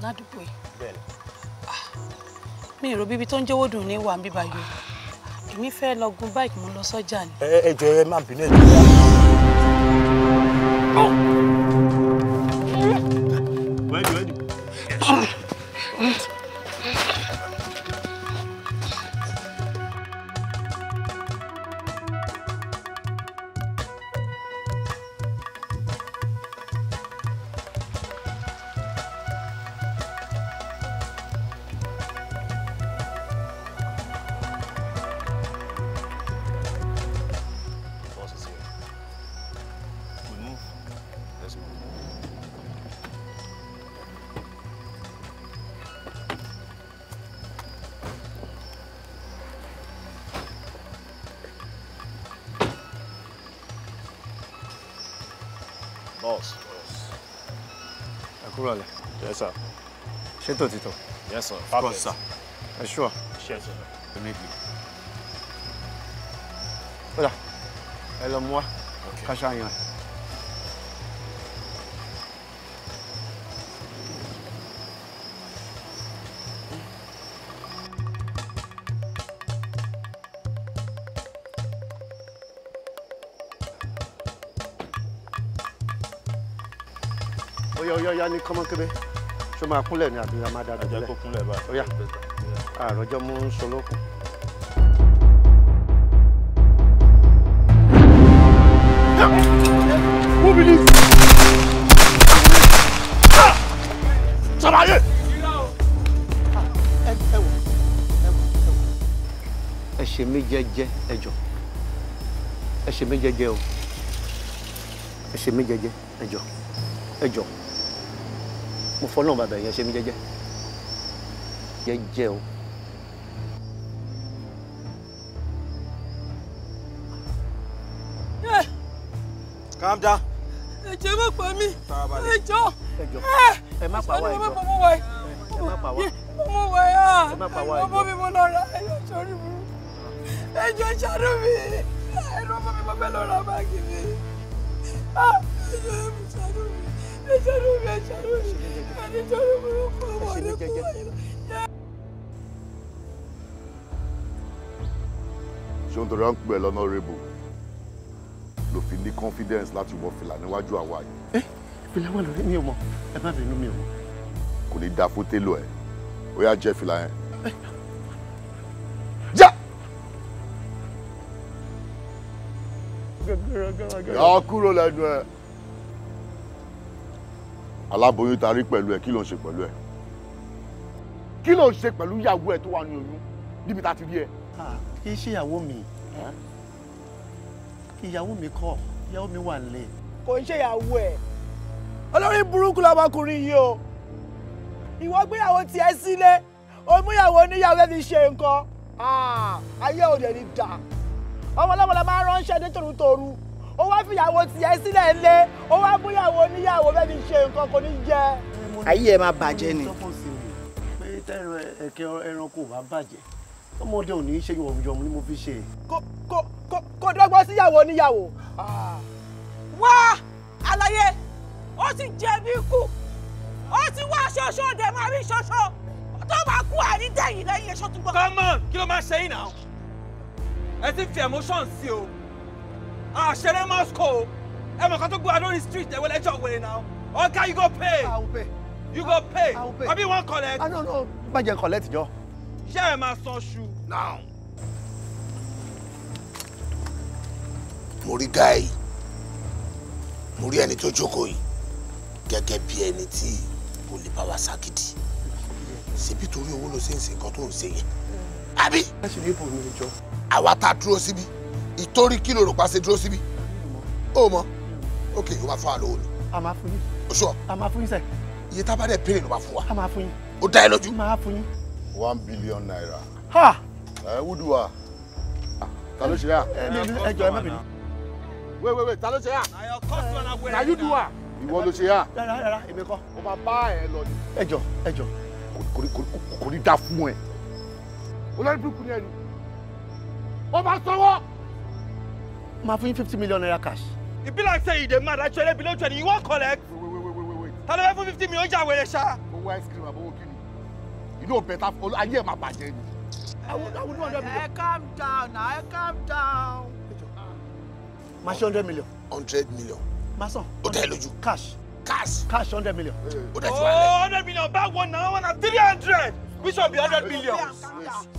ládùúgbò yìí. bẹ́ẹ̀ni. Ah, mi ì rò bíbi tó ń jẹ́wọ́ dùn ní wà ń bíbá yìí èmi fẹ́ lọ gun báìkì mo lọ sọ́jà ni. ẹ ẹ jọ ẹ má bínú ẹ jọ. tout toi, Tito? Yes, sir. Of course, sir. Voilà. Elle moi. Okay. rien. Yo, yo, yo, Yannick, comment que ṣé máa kúnlẹ̀ ni àbí a máa dájú lẹ̀ àjẹkó kúnlẹ̀ bá ó yá àròjọ mú ń solókùn. Mobili! Ṣàlàyé! Ẹ ṣe mí jẹ́jẹ́ ẹ jọ̀ọ́. Ẹ ṣe mí o. Ẹ ṣe mí jẹ́jẹ́ ẹ mo fọlọ́run bàbá yẹn ṣe mí jẹ́jẹ́ jẹ́jẹ́ o. calm down. ẹ jẹ́ má pa mí ẹ jọ̀ọ́ ẹ má pa wá ẹ jọ̀ọ́ ah. ẹ má pa wá ọmọ wa ẹ à ọmọ mi mo lọ ra ẹ yọ sórí mi ẹ jọ̀ọ́ ṣàánú mi ah, ẹ ọmọ mi mo fẹ́ lọ ra báàgì mi ah, ẹ jọ̀ọ́ mi ẹ ṣàánú mi ẹ ṣàánú mi nítorí burúkú ọmọ rẹ kú wáyé. ṣé n torí à ń pè fi ní confidence láti wọ fìlà níwájú àwa yìí. ẹ fìlà wà lórí mi ò mọ ẹ má bínú mi ò mọ. kò ní da fún télò ẹ ó yá jẹ fìlà yẹn. Ja. yà á kúrò lẹ́nu ẹ aláboyún ta rí pẹ̀lú ẹ̀ kí ló ń ṣe pẹ̀lú ẹ̀ kí ló ń ṣe pẹ̀lú ìyàwó ẹ̀ tó wà ní oyún níbi tá a ti rí ẹ. kì í ṣe ìyàwó mi ìyàwó mi kọ́ ìyàwó mi wà nílé. kò ń ṣe ìyàwó ẹ olórí burúkú lọmọkùnrin yìí o ìwọ gbéyàwó tiẹ̀ sílé omúyàwó oníyàwó ẹ fi ṣe nǹkan ayé òde ni dà ọmọ ọlọ́mọ la dé tòrútòrú ó wá fìyàwó tiẹ̀ sílẹ̀ ńlẹ̀ ó wá bóyàwó oníyàwó bẹ́ẹ̀ ṣe nǹkan kò ní jẹ. ayé ẹ máa bàjẹ́ ni. pé tẹ́ran ẹ̀kẹ́ ẹranko ò bá bàjẹ́ ọmọdé ò ní í ṣe yọ̀mùyọ̀mù ni mo fi ṣe. kò dọ́gbọ́n síyàwó oníyàwó. wá àlàyé ó ti jẹ̀bi ikú ó ti wá ṣoṣo dẹ̀ máa rí ṣoṣo tó bá kú àní lẹ́yìn ẹ̀ṣọ́ tó gbọ́. come on kí ló máa ṣe yín náà ẹ ti fi emotion sí o. Ah, share àṣẹrẹ mosco oh. ẹ mọ̀ kan tó gbúra lórí street ẹ wọlé ẹjọ́ wèrè náà ọ̀gá you go pay. I will pay. you go pay. I will pay. àbí wọn collect. I ah, no no má jẹ́ collect jọ. ṣé ẹ máa san shoe now. mo rí gáà yìí mo rí ẹni tó jókòó yìí gẹ́gẹ́ bí ẹni tí kò lè bá wa ságídí síbi torí owó ló ṣe ń ṣe nǹkan tó ń ṣe yẹn àbí. àwa tá a dúró síbi ìtorí kí ló rò pa ṣe dúró síbi ó mọ ok ó máa fún wa lówó ni. a máa fún yín. o sọ. a máa fún yín sẹ. iye tá a bá dẹ̀ péré ló máa fún wa. a máa fún yín. ó dá ẹ lójú. a máa fún yín. one billion naira. ha. ẹ eh, wúdu wa ta ló ṣe yá. ẹ jọ ẹ má bínú. wait wait wait ta ló ṣe yá. na eh, you do wa. Ah. ìwọ ló ṣe yá. rárá rárá èmi kọ́. o máa bá ẹ lọ ni. ẹ jọ ẹ jọ. kò ní dá fún ẹ. olórí burúkú ni ẹ ní. ó máa sanwó máa fún yín fifty million naira cash. it be like say you dey mad actually below twenty you wan collect. wait wait wait wait wait. ta ló fẹ́ fún fifty million jà wẹ̀rẹ̀ ṣá. owó ice cream àbọ̀wò kìíní you know better for ayé ẹ̀ máa bàjẹ́ ni. àwọn àwọn ní hundred million. ẹ calm down na ẹ calm down. máa ṣe hundred million. hundred million. máa sàn. ó tẹ̀ lójú. cash. cash. cash hundred million. ó dẹ̀ ti wá lẹ̀. oh hundred million báwo náà wọn na three hundred which one be hundred million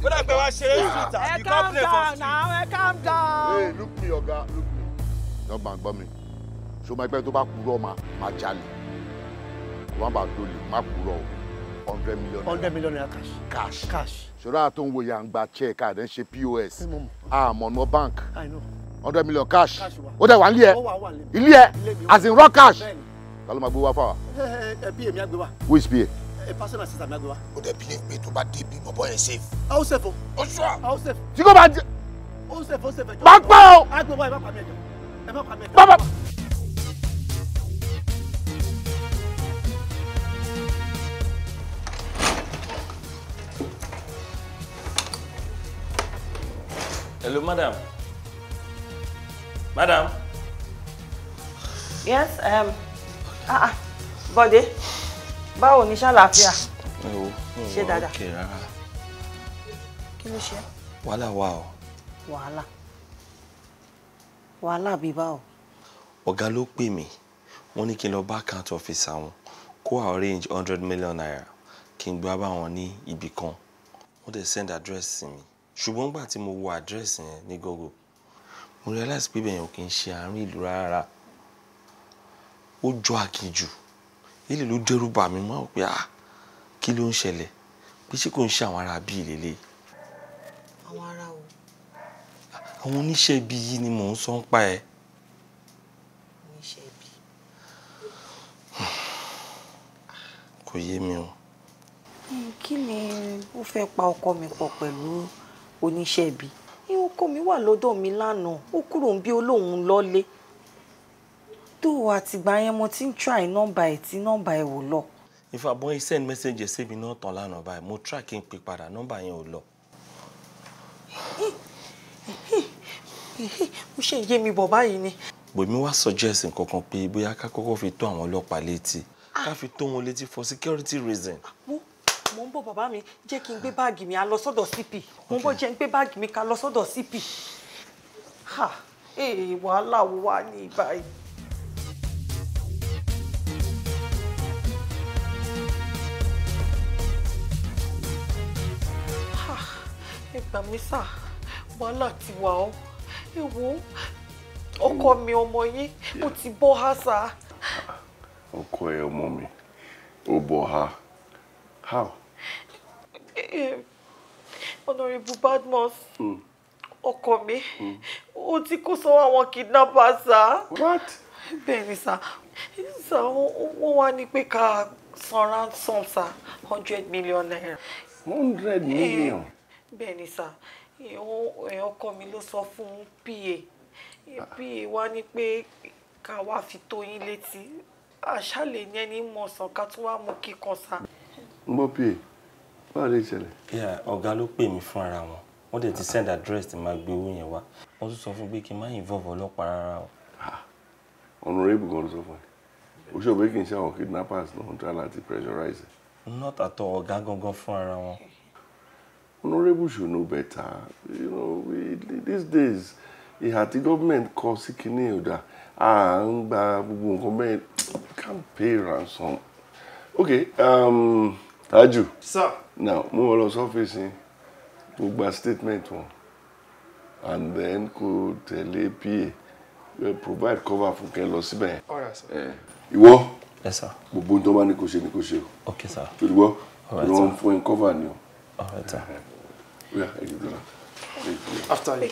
wọ́n àgbẹ̀ wá ṣeré street as you come calm down now ẹ calm down. ee look me ọ̀gá look me. yọ̀ọ́ bá ń gbọ́ So ṣó máa to tó bá kúrò ma máa jalè wọ́n bá dolè má kúrò o hundred million naira. hundred million naira cash. cash. cash. ṣọ́ra tó ń wo yà ń gba check àdé ń ṣe pos àmọ̀nà bank hundred million cash ó dẹ̀ wà ní ẹ ilé ẹ as in raw cash. ta ló máa gbé wá fáwa. ẹ ẹ bí èmi á gbé wá. who is pa o de believe pé tó bá dé bí bọ́bọ́ yẹn safe. a ó sèfo. o sọ. a ó sèfo. tí kò bá jẹ. o sèfo sèfo. máa gbọ́ o. a gbọ́ pa mí ẹ̀jọ̀ pa mí Hello, madam. Madam. Yes, um, ah, uh, ah, uh, Bode báwo ni ṣàlàáfíà ṣe dáadáa kí ló ṣe. wàhálà wà o. wàhálà wàhálà bíi báwo. ọ̀gá ló pè mí wọ́n ní kí n lọ bá account officer wọn kó arrange hundred million naira kí n gbá bá wọn ní ibì kan wọ́n dẹ̀ send address sí mi ṣùgbọ́n nígbà tí mo wo address yẹn ní google mo realize pé bẹ́ẹ̀ yẹn ò kì í ṣe àárín ìlú rárá ó jọ àkìjù ilé ló dẹ́rù bà mí mọ́ pé ah kí ló ń ṣẹlẹ̀ pé ṣé kò ń ṣe àwọn ará bíi lélẹ̀. àwọn ará o. àwọn oníṣẹ́ ibi yìí ni mò ń sọ ń pa ẹ. oníṣẹ́ ibi. kò yé mi o. Hmm, kí ni ó fẹ́ pa ọkọ mi pọ̀ pẹ̀lú oníṣẹ́ ibi? ìhun ọkọ mi wà lọ́dọ̀ mi lánàá ó kúrò ń bí olóhùn lọ́lé though àtìgbà yẹn mo ti ń try nọ́mbà ẹ̀ tí nọ́mbà ẹ̀ wò lọ. ìfà bọ́n ẹ send message sí mi náà tán lánàá báyìí mo try kí n pè padà nọ́mbà yẹn ò lọ. mo ṣe yé mi bọ̀ báyìí ni. bòmí wá suggest nǹkan kan pé bóyá ká kọ́kọ́ fi tó àwọn ọlọ́pàá létí ah. ká fi tó wọn létí for security reason. Ah, mo mo ń bọ̀ bàbá mi jẹ́ kí n gbé báàgì mi a lọ sọ́dọ̀ CP mo ń bọ̀ jẹ́ n gbé báàgì mi ká lọ sọ́dọ̀ CP ha ee eh, wàhálà wo wà ní báyìí. gbà mí sà wàhálà ti wà ó èwo ọkọ mi ọmọ yín ó ti bọ́ ha sà. ọkọ ẹ ọmọ mi ó bọ́ ha how. honourable badmus hmm. ọkọ mi hmm. o ti kó sọ àwọn kidnappers sà. what. bẹ́ẹ̀ ni sà sà wọ́n wá ní pé ká san ransom sà hundred million naira. hundred million. Eh, bẹ́ẹ̀ ni sà ọkọ mi ló sọ fún pa pa wá ní pé ká wá fi tó yín létí àṣàlẹ̀ yẹn ní mọ̀sán ká tún wá mú kíkan sá. n gbọ́ pa báwo lè ṣẹlẹ̀. ọ̀gá ló pè mí fún ara wọn wọ́n dẹ̀ ti send address tí máa gbé owó yẹn wá wọ́n tún sọ fún pé kí n má involve ọlọ́pàá rárá o. honorable gan ló sọ fún ẹ o ṣe òbí kì í ṣe àwọn kidnappers náà ń try láti pressurize. not at all ọ̀gá gangan fún ara wọn. honourable should know better you know we, these days ìhà the government kọ sí kinní ọ̀dà à ń gba gbogbo nǹkan bẹ́ẹ̀ can't pay ransom. okay um, Taju sir now mo wọ lọ sí ọ́fíìsì yìí mo statement wọn and then kò tẹ̀lé pa we provide cover for kẹ lọ síbẹ̀. Eh, ìwọ gbogbo ohun tó bá ní kò ṣe ní kò ṣe o. ok sir. You dùgbọ́ ìwọ ń fún ẹ cover ni o. ọ̀rẹ́ ta. Yeah, I can do that. After you.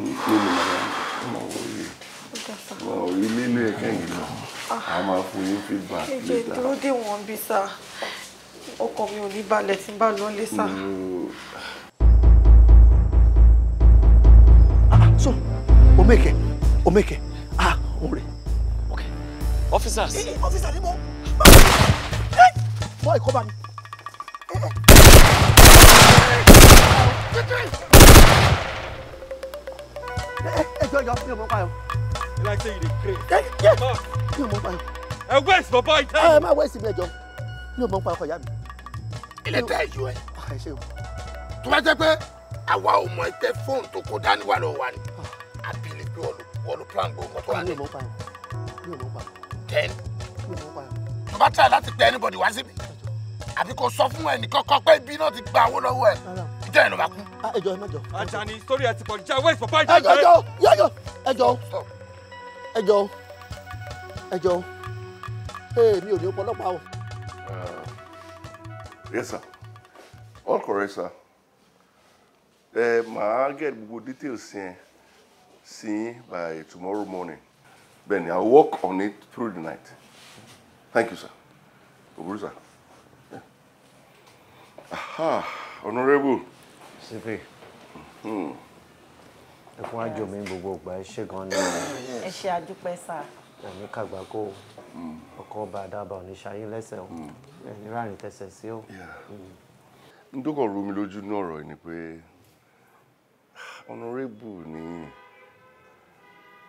Nínú madam, ọmọ òye. Ọmọ òye nílé ẹ̀kẹ́ yìí lọ. A máa fún yín feedback later. Ẹ̀jẹ̀ dúró dé wọ́n bí sá. Ọkàn mi ò ní balẹ̀ tí n bá lọ lé sá. Omeke, Omeke, ah, Ore, ok Officers. Officer ni mo. Bọ́ọ̀ ìkọ́ bá mi. ẹjọ yọ mi ò mọ pa yọ. ẹ láti ṣe ìdè kéré. ẹ ẹ mi ò mọ pa yọ. ẹ wẹ́ẹ̀sì bàbá ìtẹ́. ẹ má wẹ́ẹ̀sì mi ẹjọ mi ò mọ pa ọkọ ìyá mi. ilé tẹ ẹjọ ẹ. ẹ ṣe o. tó bá jẹ pé àwa ò mọ ẹgbẹ́ fóònù tó kó dání wà lọ́wọ́ wa ni àbílẹ̀ pé wọ́ọ̀lù plan gbogbo tó wà ní. mi ò mọ pa yọ. mi ò mọ pa yọ. ten. mi ò láti pẹ́ anybody wá síbi àbí kò sọ fún ẹnì kọ́kọ́ pé ibi náà ti gba owó lọ́wọ́ ẹ̀ ti dẹ́rẹ̀ ló máa kú. Ah, ẹjọ ẹjọ. Àjàní sórí ẹ ti pọ̀ jẹ́ wẹ́ẹ̀sì pọ̀pá ìjà ẹjọ ẹjọ ẹjọ ẹjọ ẹjọ ee mi ò ní ọ̀pọ̀lọpọ̀ eh, yes sir all correct sir ẹ eh, màá get gbogbo details yẹn sí by tomorrow morning then i will work on it through the night thank you sir òbúrú sir. Aha, honorable síbì hmm. ẹkún àjò mi gbogbo ìgbà ẹ ṣe gan ni. ẹ ṣe àdúpẹ́ sá. ẹ̀mí kàgbá kó hmm. ọkọ ọba àdàbà oníṣayé lẹ́sẹ̀ o hmm. ẹ̀mí ráàrin tẹ̀sẹ̀ sí o. n tó kàn rú mi lójú ní ọ̀rọ̀ ni pé honorable ni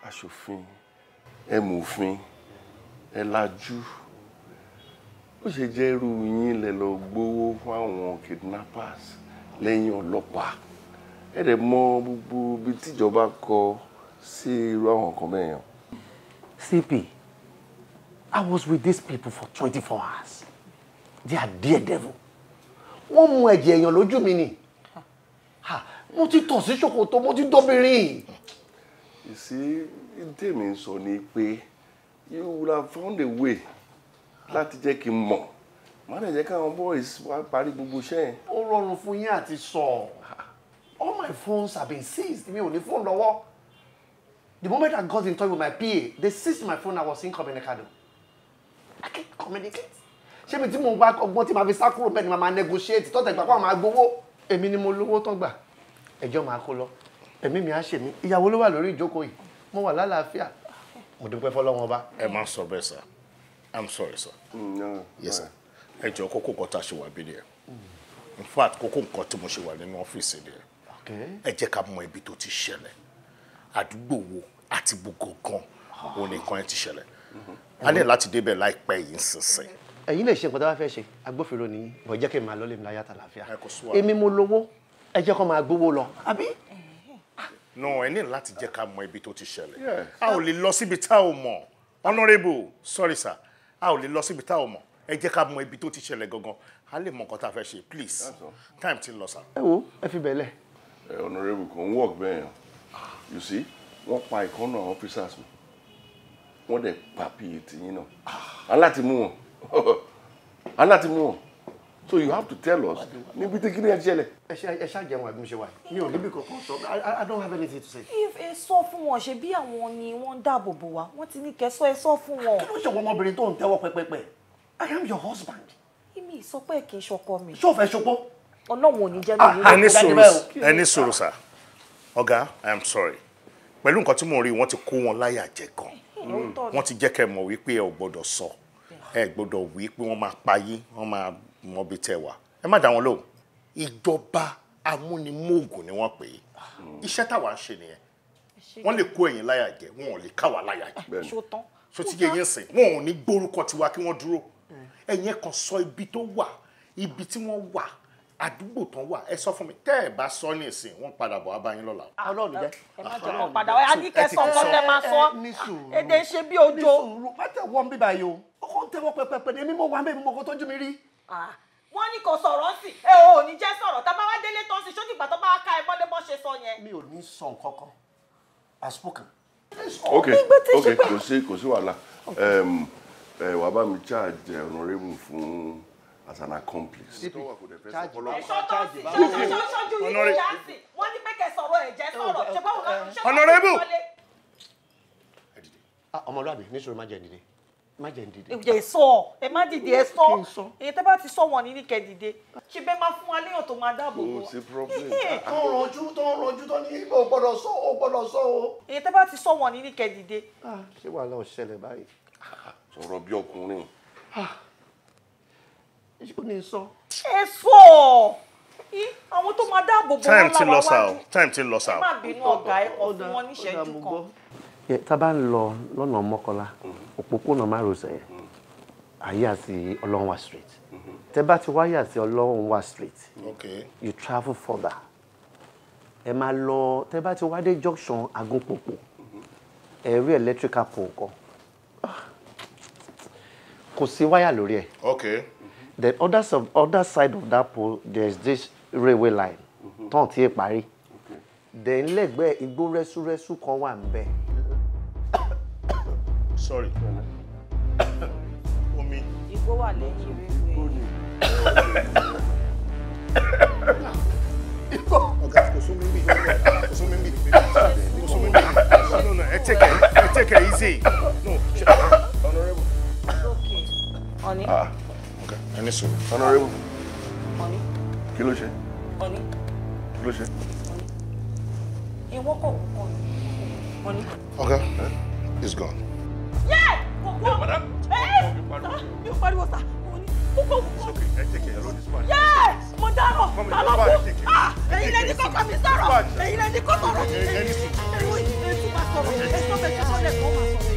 aṣòfin ẹ mòfin ẹ lajú ó ṣe jẹ́ irú yín lẹ lọ gbowó fún kidnappers lẹ́yìn ọlọ́pàá ẹ dẹ̀ mọ gbogbo ibi tíjọba kọ sí irú àwọn nǹkan bẹ́ẹ̀ CP I was with these people for twenty four hours they are dear devil wọ́n mu ẹ̀jẹ̀ èèyàn lójú mi ni mo ti tọ̀ sí ṣòkòtò mo ti dóbìnrin. ìsí tèmi ń sọ ni pé you will have found a way láti jẹ́ kí n mọ̀ má lè jẹ́ káwọn boys wá parí gbogbo iṣẹ́ yẹn. ó rọrùn fún yín àti sọ all my phones have been seized mi ò ní fóònù lọ́wọ́ the moment I got in touch with my PA they seized my phone I was incommunicado I can't communicate ṣé ibi tí mo bá ọgbọ́n tí màá fi sá kúrò bẹ́ẹ̀ ni màá máa negotiate tọ́tẹ̀ ìgbà pàwọn máa gbowó èmi ni mo lówó tán gbà ẹjọ́ máa kó lọ ẹ̀mí mi á ṣe mí ìyàwó ló wà lórí ìjókòó yìí mo wà lálàáfíà mo dúpẹ́ fọlọ́wọ́n ọba. ẹ má sọ bẹ́ẹ̀ sir i'm sorry sir. Mm, no, yes sir ẹ jọ kókó nǹkan tá a ṣe wà bí ni ẹ in fact kókó nǹkan tí mo ṣe wà nínú ọ́fíìsì ni ẹ ẹ jẹ́ ká mọ ibi tó ti ṣẹlẹ̀ àdúgbò wo àti gbogbo gan òun nìkan ẹ ti ṣẹlẹ̀ a ní láti débẹ̀ láìpẹ́ yìí sísìn. ẹ̀yin lè ṣe nǹkan tá bá fẹ́ ṣe agbófinró ni bọ̀ jẹ́ kí n máa lọ́lé mi láyàtà láàfíà èmi mo lówó ẹ jẹ́ kó máa gbówó lọ àbí no ẹ ní láti jẹ́ ká mọ ibi tó ti ṣẹlẹ̀ a ò lè lọ síbi tá ò mọ̀ honourable sorry sir a ò lè lọ síbi tá ò mọ̀ ẹ jẹ́ ká mọ ibi tó ti ṣẹlẹ̀ gangan a lè mọ nǹkan tá a fẹ́ ṣe please time ti lọ sá. ẹ wo ẹ fi bẹ̀lẹ̀. ẹ honourable kò work bẹ́ẹ̀ yẹn you see wọ́n pa ìkọ́nà officers mi wọ́n dẹ̀ pa pet yín náà aláti mú wọn aláti mú wọn so you have to tell us níbi tí kíni ẹ ṣẹlẹ̀. ẹ ṣáà jẹun àbí mo ṣe wà yìí ò níbi kankan sọ i don't have anything to say. if ẹ sọ fún wọn ṣe bí àwọn ni wọ́n ń dáàbò bò wá wọ́n ti ní kẹ́ ẹ sọ fún wọn. kí ló ṣe àwọn ọmọbìnrin tó ń tẹ́wọ́ pẹ́pẹ́pẹ́. I am your husband. Èmi sọ pé kì í ṣọkọ mi. Ṣé o fẹ́ ṣopó? Ọlọ́run ò ní jẹ́ lóyún. Ah, ẹni sòrò ẹni sòrò sà. Ọ̀gá, I am sorry. Pẹ̀lú nǹkan tí mo rí wọ́n ti kó wọn láyà jẹ gan. Wọ́n ti jẹ́ kẹ́ mọ̀ wípé ẹ ò gbọ́dọ̀ sọ. Ẹ gbọ́dọ̀ wí pé wọ́n máa pa yín, wọ́n máa mọ tẹ wà. Ẹ má dá wọn lóhùn. Ìjọba amúnimóògùn ni wọ́n pè é. Iṣẹ́ táwa ń ṣe nìyẹn. Wọ́n lè kó ẹ̀yin láyà jẹ, wọn ò lè ká wa láyà jẹ. Ṣó ti sìn, wọn ò ní gbórúkọ tiwa kí wọ́n dúró ẹ̀yin kan sọ ibi tó wà ibi tí wọ́n wà àdúgbò tán wà ẹ sọ fún mi tẹ́ ẹ bá sọ ní ìsìn wọ́n padà bọ̀ abáyín lọ́la. Ah, ọlọ́run níbẹ̀. ẹ má ah, jẹ́ wọn padà wá adíkẹ́ sọ fún ẹ máa sọ èdè ń ṣe bí ojo. má tẹ wọ́n bíbá yìí o ọkọ ń tẹwọ́ pẹpẹpẹ ni èmi mọ̀ wá mẹ́mi mọ̀ kó tọ́jú mi rí. Ah, wọ́n ní kò sọ̀rọ̀ sí ẹ ò ní jẹ́ sọ̀rọ̀ tá a bá wá délé tó ń sìn sódì ìgbà tó bá wá ká ẹ bọ́lé bọ́ ṣe sọ yẹn. mi ò ní sọ nǹkan kan as spoken. ok ok kò sí kò sí wàhálà ẹ wà bá mi charge honorable fún as an accomplice. honorable. Um, ah, ọmọlúwàbí níṣòro má jẹ dìde má jẹ dìde. ẹ sọ ẹ má dìde ẹ sọ èyí tẹ bá ti sọ wọn ní ní kẹ dìde ṣe bẹ máa fún wa léèyàn tó máa dáàbò bò. ṣe problem. tó ń rọjú tó ń rọjú tó ní ibò gbọ́dọ̀ sọ o gbọ́dọ̀ sọ o. èyí tẹ bá ti sọ wọn ní ní kẹ dìde. Ah, ṣé wàhálà ò ṣẹlẹ̀ báyìí sọ̀rọ̀ bí ọkùnrin. Ah. ṣé o sọ. ẹ sọ àwọn tó máa dáàbò bò wọn lára time ti lọ sá o. má bínú ọ̀gá ẹ kọ fún wọn níṣẹ́jú kan. tá bá ń lọ lọ́nà mọ́kànlá mm-hmm. òpópónà márosẹ̀ ayé àti ọlọ́run street tẹ́ bá ti wáyé àti ọlọ́run street you travel further ẹ máa lọ tẹ́ bá ti wá dé junction agunpopo mm-hmm. ẹ rí electrical pole kan kò sí wáyà lórí ẹ̀. okay. the other side other side of that pole there is this railway line mhm. tán tí parí then lẹ́gbẹ̀ẹ́ igbó rẹ́súrẹ́sú kan wà níbẹ̀. sorry. omi. igbó wà lẹ́yìn railway ọ̀gá kò sún mi bì kò sún mi bì kò sún mi bì no no ẹ tẹ̀kẹ̀ ẹ tẹ̀kẹ̀ easy no. Ah, Ọ̀ní. ẹni sọ̀rọ̀ honourable. Ọ̀ní. kí ló ṣe. Ọ̀ní. kí ló ṣe. Ọ̀ní. ìwọ kò kọ Ọ̀ní. ọ̀gá it's gone. yẹ kò kọ ẹ mi ò pariwo sa come. kò kọ kò kọ yẹ mo dárò ta ló kú ẹ̀yin lẹni kọ́kọ́ mi sọ̀rọ̀ ẹ̀yin lẹni kọ́kọ́ mi sọ̀rọ̀ ẹ̀yin lẹni kọ́kọ́ mi sọ̀rọ̀ ẹ̀yin lẹni kọ́kọ́ mi sọ̀rọ̀ ẹ̀yin lẹni kọ́kọ́ mi sọ̀rọ̀.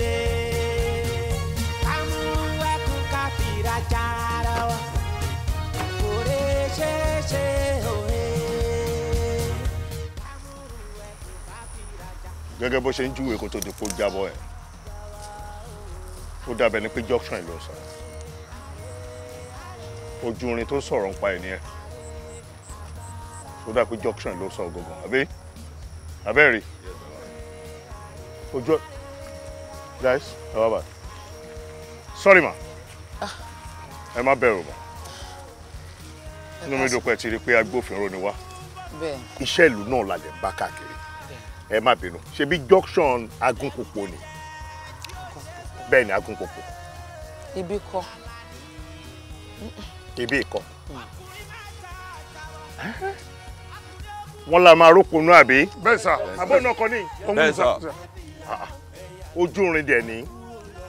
ṣe. amúwẹ́kùn káfíra jára wa kò lè ṣe é ṣe òwe. gẹ́gẹ́ bó ṣe ń júwèé kó tó di kó jábọ́ ẹ̀ ó dàbẹ̀ ni pé junction ẹ̀ ló ojú irin tó sọ̀rọ̀ ń pa ẹ̀ ní ẹ̀ ó dà pé junction ló sọ gangan àbí abẹ́rẹ́ ojú guys ẹ wá sorry ma ah. ẹ ma bẹ̀rù mọ́ inú mi dùn pé ti rí pé agbófinró ni wá iṣẹ́ ìlú náà la lè ń bá káàkiri ẹ má bínú ṣebí junction agunpopo ni bẹ́ẹ̀ ni agunpopo. ibi kọ́. ibi kọ́. Mm. wọ́n la máa rókun náà àbí. sir. sà àbọ̀nà kan ní. bẹ́ẹ̀ sà ojú irin dẹ̀ ní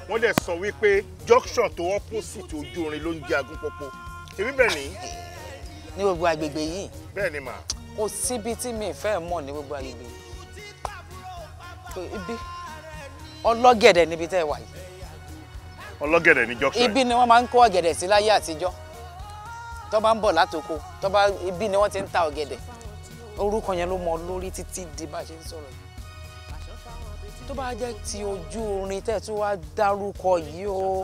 wọ́n dẹ̀ sọ wípé junction tó opposite ojú irin ló ń jẹ́ Agúnpọ̀pọ̀ tèmi bẹ́ẹ̀ ni. ní gbogbo agbègbè yìí. bẹ́ẹ̀ ni mà. kò síbi tí mi fẹ́ mọ̀ ní gbogbo agbègbè yìí ibi ọlọ́gẹ̀dẹ̀ níbi tẹ́ ẹ wà yìí. ọlọ́gẹ̀dẹ̀ ní junction. ibi ni wọ́n máa ń kó ọ̀gẹ̀dẹ̀ sí láyé àtijọ́ tó bá ń bọ̀ látòkò tó bá ibi ni wọ́n ti ń ta ọ̀gẹ̀dẹ̀ orúkọ yẹn ló mọ lórí títí di bá a ṣe ń sọ̀rọ̀ yìí tó bá jẹ́ ti ojú orin tẹ́ tó wá dárúkọ yìí o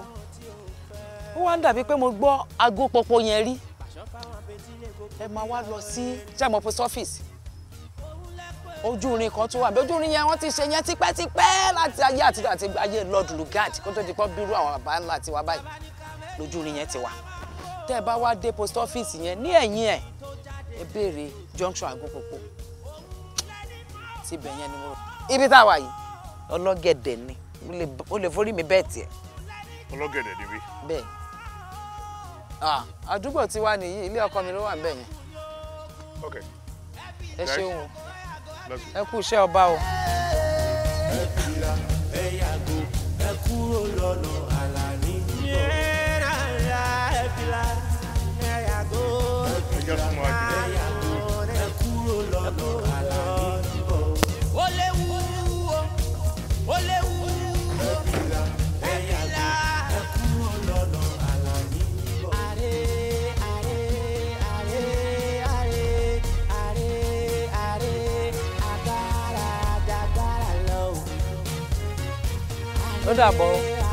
ó wá ń dàbí pé mo gbọ́ aago pọpọ yẹn rí ẹ máa wá lọ sí jàmọ́ post office ojú orin kan tó wà bí ojú orin yẹn wọ́n ti ṣe yẹn tipẹ́tipẹ́ láti ayé àtijọ́ àti ayé Lord Lugard kó tó di pọ́ bírú àwọn bàbá ńlá tiwa báyìí lójú orin yẹn ti wà tẹ́ ẹ bá wá dé post office yẹn ní ẹ̀yìn ẹ̀ ẹ béèrè junction Agopopo síbẹ̀ yẹn ni mo. ibi tá a wà yìí ọlọ́gẹ̀dẹ̀ ni o lè forí mi bẹ́ẹ̀ tiẹ̀. ọlọ́gẹ̀dẹ̀ ni wí. bẹ́ẹ̀ àdúgbò tí wà nìyí ilé ọkọ mi ló wà níbẹ̀ yẹn. ok ẹ ṣeun ẹ kú iṣẹ́ ọba o. ẹ fira ẹ yàgò ẹ kúrò lọ́nà àlà ní ìlú. ẹ fira ẹ yàgò ẹ kúrò lọ́nà àlà ó dàbọ̀ o. ìyẹ́lẹ̀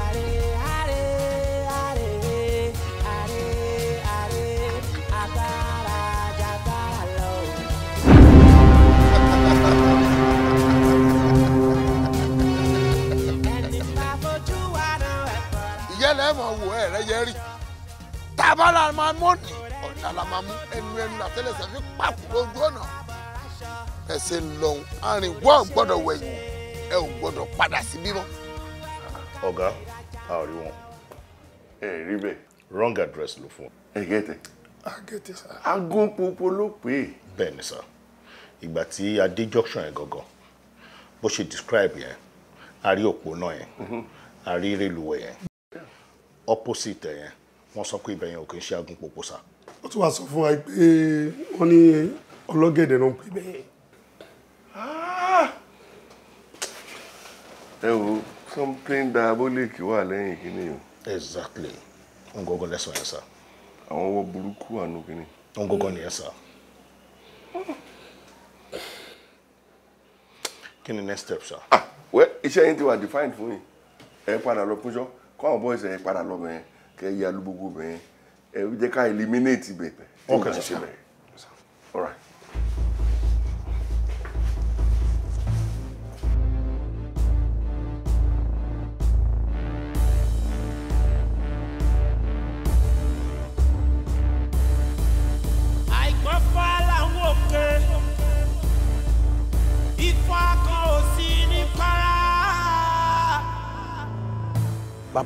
mọ̀ wò ẹ̀ rẹ yẹ rí tàbá máa mọ̀ ní ọ̀dà la máa mú ẹnu ẹnu àtẹ́lẹsẹ̀ fi pàkó lójú ọ̀nà ẹ̀sìn lọ́hùn arìnwó gbọ́dọ̀ wẹ̀yìn ẹ ò gbọ́dọ̀ padà sí bímọ ọ̀gá a ò rí wọn ẹ rí bẹ́ẹ̀ wrong address ló fún ọ. ẹ gẹ́tẹ̀. a gẹ́tẹ̀ sá. aago popo ló pè é. bẹ́ẹ̀ ni sá ìgbà tí a dé junction yẹn gangan bó ṣe describe yẹn a rí òpónà yẹn a rí rélùwẹ̀ yẹn opposite yẹn wọ́n sọ pé ibẹ̀ yẹn ò kì í ṣe aago popo sá. ó tún wá sọ fún wa pé wọ́n ní ọlọ́gẹ̀dẹ̀ náà ń pè bẹ́ẹ̀. Ah! ẹ wo something diabolic wà lẹ́yìn kínní o. exactly ngogo lẹsọ yẹn sá. àwọn owó burúkú àánú kínní. ngogo nìyẹn sá. kí ni next step sá. ah well iṣẹ́ yín ti wà defined fún yín ẹ padà lọ kúnjọ́ kọ́ àwọn boys ẹ padà lọ bẹ̀yẹn kẹ́ ẹ yà lú ẹ jẹ́ ká eliminate ibẹ̀ tí wọ́n ṣe bẹ̀yẹn all right.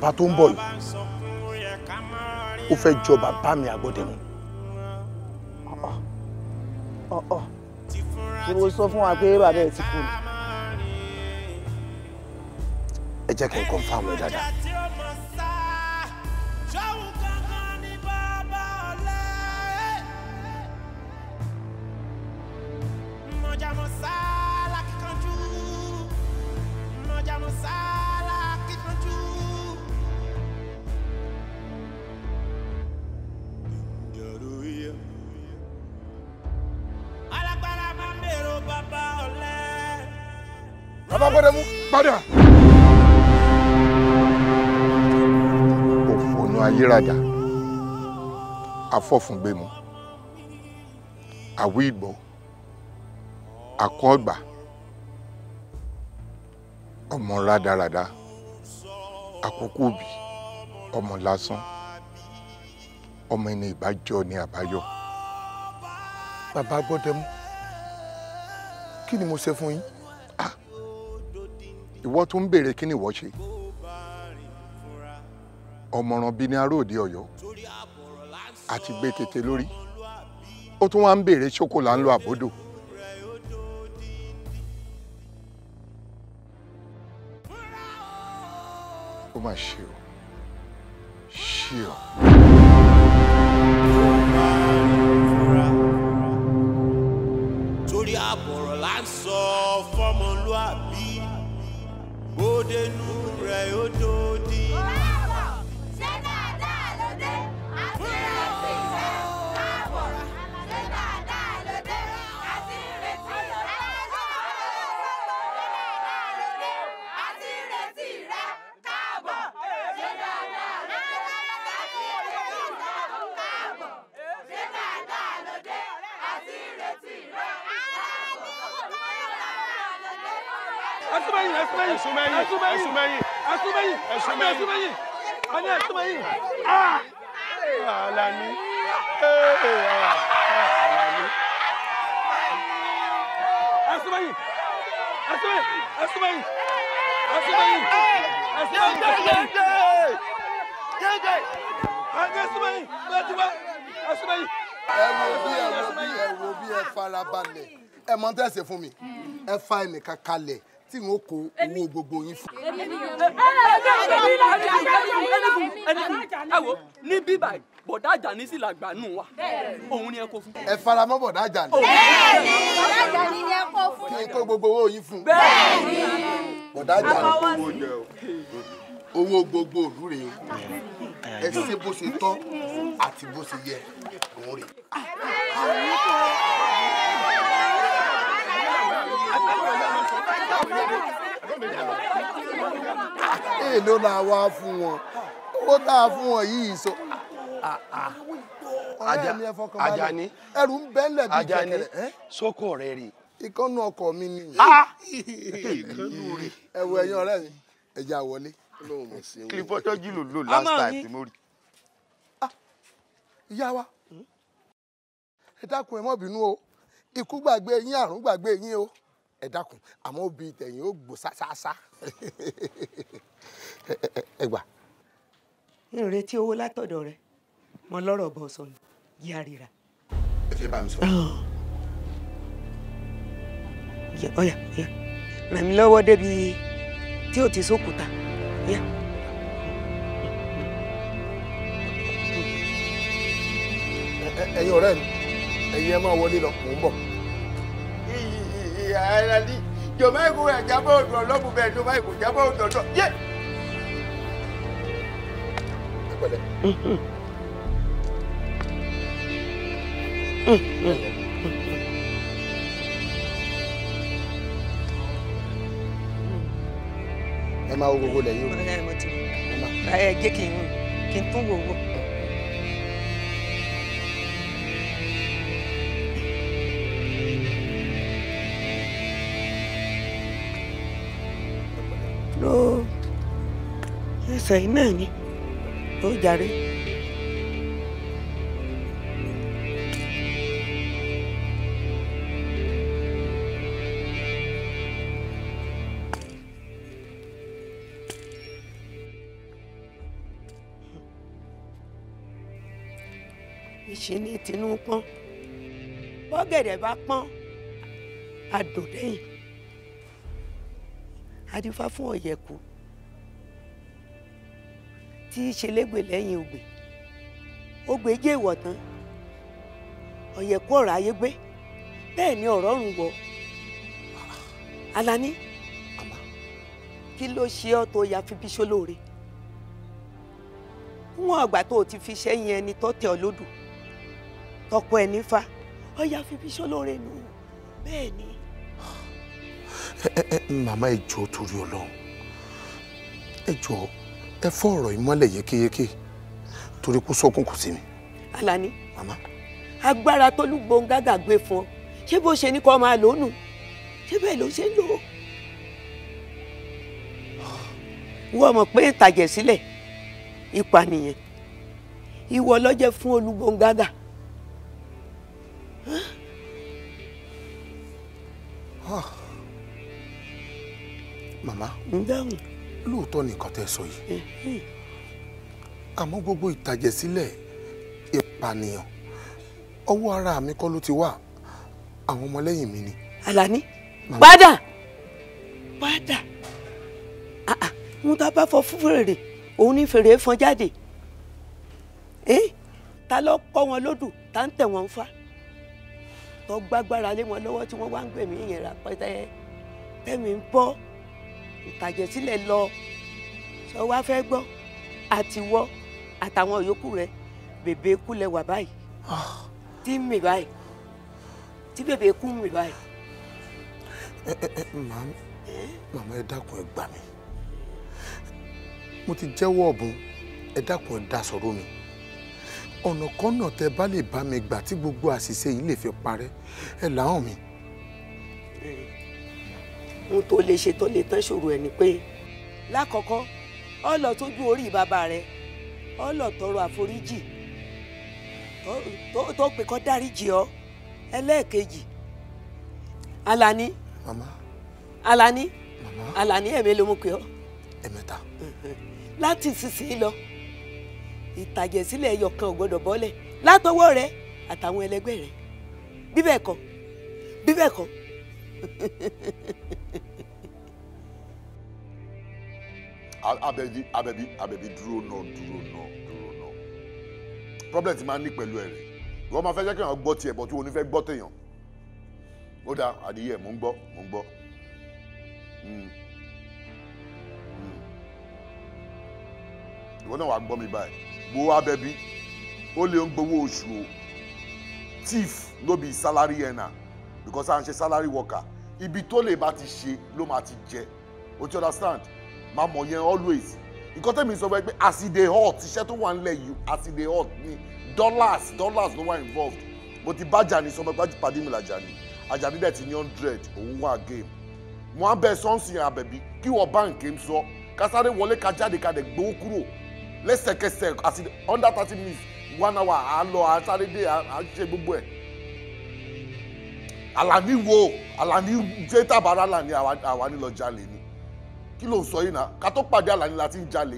bàbá tó ń bọ̀ yìí ó fẹ́ jọ bàbá mi àgbọ̀dẹ̀mú. ọ̀ọ̀ ṣé mo sọ fún wa pé bàbá ẹ̀ ti kú ni. ẹ jẹ́ kí n confirm ẹ dáadáa. padà. òfònú ayérada afọ́fúngbẹ̀mú àwí ìgbọ́ akọ́gbà ọmọ rádaràda àkókò òbí ọmọ lásán ọmọ ẹni ìbájọ ni àbáyọ. bàbá gbọ́dẹ̀ mú kí ni mo ṣe fún yín ìwọ tún ń béèrè kí ni ìwọ ṣe ọ̀mọ̀ràn bíi ní aróòde ọ̀yọ́ àti gbé tètè lórí ó tún wá ń béèrè ṣókò là ń lo àbódò. ó mà ṣe o ṣe o. torí àbọ̀rọ̀ là ń sọ fọ́mọlúàbí òdenu rẹ̀ ó dòdì. ẹsùnmẹyìn ẹsùnmẹyìn ẹsùnmẹyìn ẹsùnmẹyìn ani ẹsùnmẹyìn aa Alani ee Alani ẹsùnmẹyìn ẹsùnmẹyìn ẹsùnmẹyìn ẹsùnmẹyìn ẹsùnmẹyìn jẹjẹ ẹsùnmẹyìn lẹtiwa ẹsùnmẹyìn. ẹ wo bí ẹ wo bí ẹ wo bí ẹ farabalẹ̀ ẹ mọ tẹsẹ fún mi ẹ fa ẹnìkan kalẹ̀ tí n ó kó owó gbogbo yín fún. ẹ wo ní bíbá yìí bọ̀dá Àjàní sì làgbà nù wa òun ni ẹ kó fún. ẹ faramọ́ bọ̀dá Àjàní. bẹ́ẹ̀ni bọ̀dá Àjàní ni ẹ kó fún. kí n kó gbogbo owó yín fún. bẹ́ẹ̀ni bọ̀dá Àjàní kó owó jẹ o owó gbogbo òlú rèé ẹ ṣe bó ṣe tọ́ àti bó ṣe yẹ òun rèé. èlò la wá fún wọn owó tá fún wọn yìí sọ ah, ah, ah. ọ̀rẹ́ mi ẹ fọkàn balẹ̀ ẹrù ń bẹ́ńlẹ̀ bíi kẹ̀kẹ́ sókò rẹ̀ rèé ìkọ́nù ọkọ mi ni. ìkọ́nù rẹ̀. ẹ mi ẹja wọlé. kílípọ̀ tọ́jú ló lò last time tí mo rí. ìyá wa ẹ dákun ẹ mọ́ bínú o ikú gbàgbé yín àrùn gbàgbé yín o ẹ dákun àmọ́ obì tẹ̀yìn ó gbò sáṣáṣá ẹ gbà. n ò retí owó látọ̀dọ̀ rẹ mo lọ́rọ̀ bọ̀ sọ ni yí àríra. ẹ fẹ́ bá mi sọ. ọ̀yà oh. ọ̀yà ràn mí lọ́wọ́ débi tí ò ti sókùúta. Yeah. ẹ̀yin ọ̀rẹ́ mi ẹ̀yin ẹ máa wọlé lọ mò ń bọ̀ ìyá ara ní jọba ìkó rẹ̀ jábọ̀ òdò ọlọ́mù jọba ìkó jábọ̀ òdò ọ̀dọ̀ yé. ẹ máa wo gbogbo lẹ́yìn o ẹ jẹ́ kí n tún wo gbogbo. ọ̀sẹ̀ yìí náà ni ó jàre. ìṣe ní tinú pọ́n bọ́gẹ̀dẹ̀ bá pọ́n adùn lẹ́yìn adífá fún ọ̀yẹ̀kú tí í ṣe lẹ́gbẹ̀ẹ́ lẹ́yìn ogbè ogbè jẹ́ ìwọ̀tán ọ̀yẹ̀kú ọ̀rọ̀ ayé gbé bẹ́ẹ̀ ni ọ̀rọ̀ ọ̀run wọ̀ Alani kí ló ṣe ọ́ tó ya fi bí ṣólóore wọn àgbà tó o ti fi ṣẹ́yìn ẹni tó tẹ̀ ọ́ lódò tọkọ ẹ̀ nífa ọ ya fi bí ṣólóore nù bẹ́ẹ̀ ni. màmá ẹ jọ̀ọ́ torí Ọlọ́run ẹ jọ̀ọ́ ẹ fọ́ ọ̀rọ̀ ìmọ́lẹ̀ yékéyéké torí kó sọkún kù sí mi. Alani mama agbára tólúgbóńgàgà gbé fún ọ ṣé bó ṣe ní kó máa lò ó nù ṣé bẹ́ẹ̀ ló ṣe ń lò ó. wọ́n mọ̀ pé ìtàjẹ̀ sílẹ̀ ìpànìyàn ìwọ lọ́jẹ́ fún olúgbóńgàgà. Ah. mama. ń dáhùn lóòótọ́ nìkan tẹ́ sọ yìí àmọ́ gbogbo ìtàjẹ̀sílẹ̀ ìpànìyàn ọwọ́ ara mi kọ́ ló ti wà àwọn ọmọlẹ́yìn mi ni. Àlàní padà padà mo ta bá fọ fún fèrè òun ní fèrè fọn jáde ta ló kọ́ wọn lódù ta ń tẹ̀ wọ́n fa tó gbágbára lé wọn lọ́wọ́ tí wọ́n wá ń gbẹ̀mí ìyẹn rà pẹ́tẹ́ tẹ́mi ń bọ́ ìtàjẹ̀sílẹ̀ lọ ṣé wàá fẹ́ gbọ́ àtiwọ́ àtàwọn yòókù rẹ bèbè kú lẹ wà báyìí ah. tí ń mì báyìí tí bèbè kú ń mì báyìí. ẹ ẹ ẹ màmá màmá ẹ dákun ẹ gbà mí mo ti jẹ́wọ́ ọ̀bùn ẹ dákun ẹ dá sọ̀rọ̀ mi ọ̀nà kan náà tẹ bá lè bá mi gbà tí gbogbo àṣìṣe yìí lè fi parẹ́ ẹ làwọn mi. ohun tó lè ṣe tó lè tán ṣòro ẹ̀ ni pé lákọ̀ọ́kọ́ ọ tójú orí bàbá rẹ ọ tọrọ àforíjì tó pè dáríjì Alani Alani Alani ẹ̀mí ló mú pé ọ ẹ̀mẹ́ta láti sísìn lọ ìtàjẹ̀sílẹ̀ ẹyọ kan bọ́lẹ̀ látọwọ́ rẹ àtàwọn ẹlẹgbẹ́ rẹ abẹ́bí abẹ́bí abẹ́bí dúró náà dúró náà dúró náà problem ti máa ń ní pẹ̀lú ẹ̀ rẹ̀ wọ́n máa fẹ́ jẹ́ kí èèyàn gbọ́ tiẹ̀ bọ̀ tí wọ́n ní fẹ́ gbọ́ tèèyàn ó dáa adìyẹ mò ń gbọ́ mò ń gbọ́ hmm. Hmm. ìwọ náà wàá gbọ́ mi báyìí gbowó abẹ́bí ó lè ń gbowó oṣù o thief no be salary na because à ń ṣe salary worker ibi tó lè bá ti ṣe ló máa ti jẹ o ti understand máa mọ̀ yẹn always nǹkan tẹ́mi sọ fún ẹ pé as e dey hot iṣẹ́ tó wà nílẹ̀ yìí as e dey hot ni dollars dollars ló wà involved mo ti bá Jani sọ pé pàdé mi làjà ni Àjàní dẹ̀ ti ní hundred òun wà game mo á bẹ sọ́ọ̀sì àbẹ̀bí kí wọ́n báǹkì ń sọ kásáré wọlé ka jáde ka dẹ̀ gbowó kúrò lẹ́sẹ̀kẹsẹ̀ àti under thirty minutes one hour à ń lọ à ń sáré dé à ń ṣe gbogbo ẹ̀ Àlàní wo Àlàní ṣé tàbára Àlàní àwa ni lọ jalè ni kí ló ń sọ yìí náà ká tó pàdé àlàní la ti ń jalè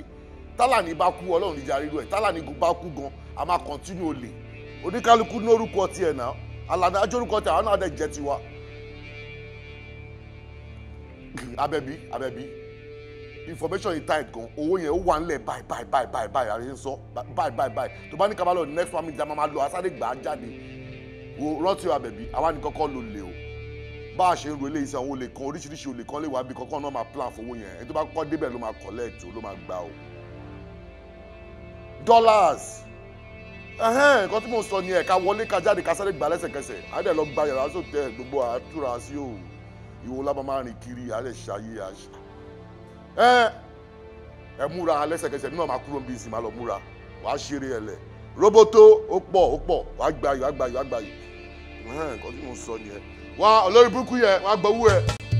tálàní bá kú ọlọ́run níjà rírú ẹ̀ tálàní bá kú gan a máa kọ́ntínú olè oníkálukú lórúkọ tiẹ̀ náà àlàní ajórúkọ tiẹ̀ àwọn náà dẹ̀ jẹ́ tiwa. abẹ́bí abẹ́bí information yìí tight gan owó yẹn ó wà ńlẹ̀ báyìí báyìí báyìí báyìí báyìí àrẹ ń sọ báyìí báyìí báyìí tó bá ní kábàlọ́ next family jama máa lọ asáré gbà á jáde wo rántí abẹ́bí àwa nìkan kọ́ ló lè o bá a ṣe ń ro eléyìí sí àwọn olè kan oríṣiríṣi olè kan lè wá bí kankan náà máa plan fowó yẹn ẹni tó bá kọ́ débẹ̀ ló máa collect ló máa gbà o. dollars nǹkan tí mò ń sọ ni ẹ̀ wọlé ká jáde ká sáré gbà lẹ́sẹ̀kẹsẹ̀ àdé lọ gba yàrá sòtẹ́ gbogbo àtúrà sí o ìwo lábá máa rìn kiri àdé ṣayé àṣà ẹ múra lẹ́sẹ̀kẹsẹ̀ nínú àmà kúrò bíi ìsìn máa lọ múra wàá ṣeré ẹ lẹ̀ roboto ó pọ̀ ó pọ̀ wàá gbayò wàá gbayò wàá gbayò nǹkan tí mò sọ ni ẹ wá olórí burúkú yẹn wá gbowó ẹ.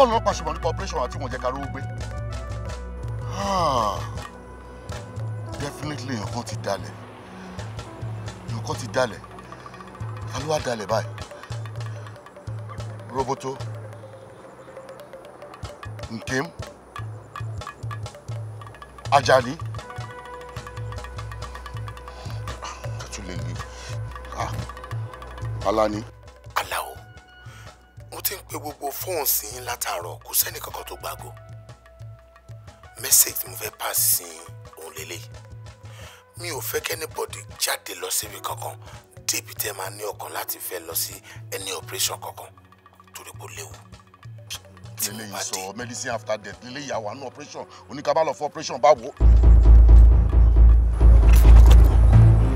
bọ́ọ̀lù ọlọ́pàá ṣe mọ̀ nípa àti wọn jẹ́ ká gbé. Ah, definitely nǹkan ti dalẹ̀ nǹkan ti dalẹ̀ ta ló wá dalẹ̀ báyìí roboto nkem ajani ah, ah, alani. sí yín látàárọ̀ kò sẹ́ni kankan tó gbàgbọ́ message tí mo fẹ́ pass sí òun lélẹ̀ mi ò fẹ́ kẹ́nìbọ̀dì jáde lọ síbi kankan débi tẹ́ máa ní ọkàn láti fẹ́ lọ sí ẹni operation kankan torí kò léwu tí mo bá dé. medicine after death lílé ìyàwó àánú operation oníkábàlọ̀ fún operation báwo.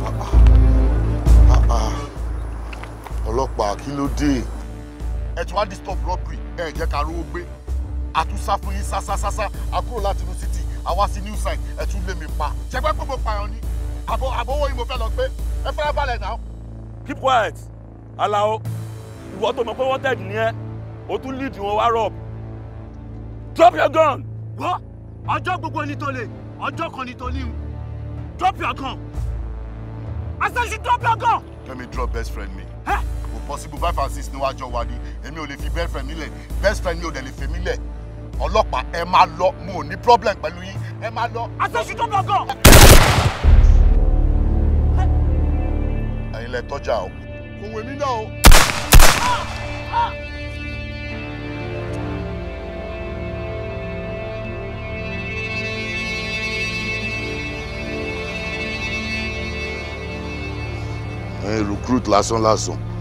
Ah, ah. Ah, ọlọ́pàá kí ló dé ẹ ti wá disturb robbery ẹ jẹ́ ká rówó gbé àtúnṣá fún yín sásásásá àkúrò láti inú city àwa sí new side ẹ tún lé mi pa ṣe pé gbogbo pààyàn ni àbọ̀ àbọ̀wọ́ yìí mo fẹ́ lọ gbé ẹ fẹ́ balẹ̀ náà. keep quiet alao ìwọ tó mọ̀ pé wanted ni ẹ o tún lead wọn wá rob drop your gun. wọ́n ọjọ́ gbogbo ni tó lè ọjọ́ kan ni tó ní un drop your gun. I said you drop your gun. Let me drop best friend me. Hey possible five and six níwájú wa ni èmi fi best friend mi best friend mi ò dẹ̀ lè fèmí lẹ̀ ọlọ́pàá ẹ máa lọ mo ní problem pẹ̀lú yín ẹ máa lọ. àtẹ̀sí tó gbọ̀ngàn. ẹ̀yin lẹ tọ́jà o. kò wẹ̀ mí náà o. recruit lásán lásán.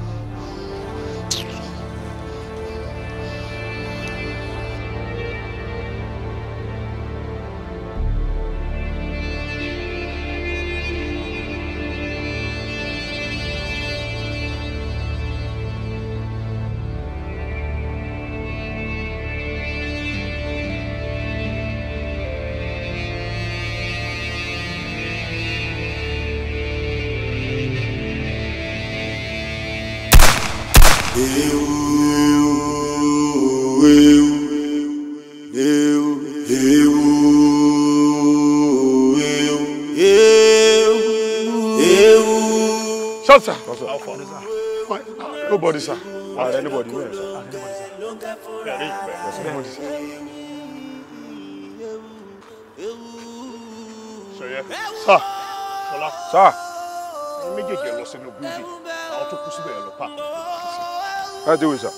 Nobody, sir. Or anybody, no, sir. Anybody, ah, sir. Yes, sir. Sir. Sọlá. Sir. Ẹni méjèèjì ẹ lọ sínú búùdì. Àwọn tó kú síbẹ̀ ẹ lọ pa. Ẹ dé wí, sir.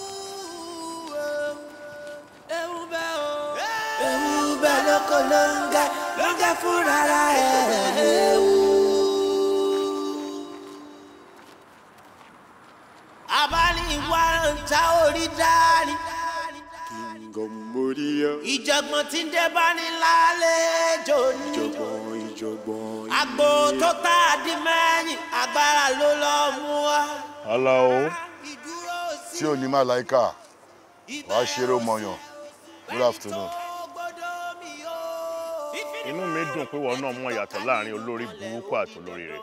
ìjọ̀gbọ̀n tí ń dé ní lálejò ní. ìjọ̀gbọ̀n ìjọ̀gbọ̀n ìlú. àgbo tó tá a di mẹ́yìn agbára ló lọ mú wa. aláwo tí ò ní màláìka wàá ṣeré mọyàn good afternoon. inú mi dùn pé wọn náà mọ ìyàtọ̀ láàrin olórí burúkú àti olórí rẹ̀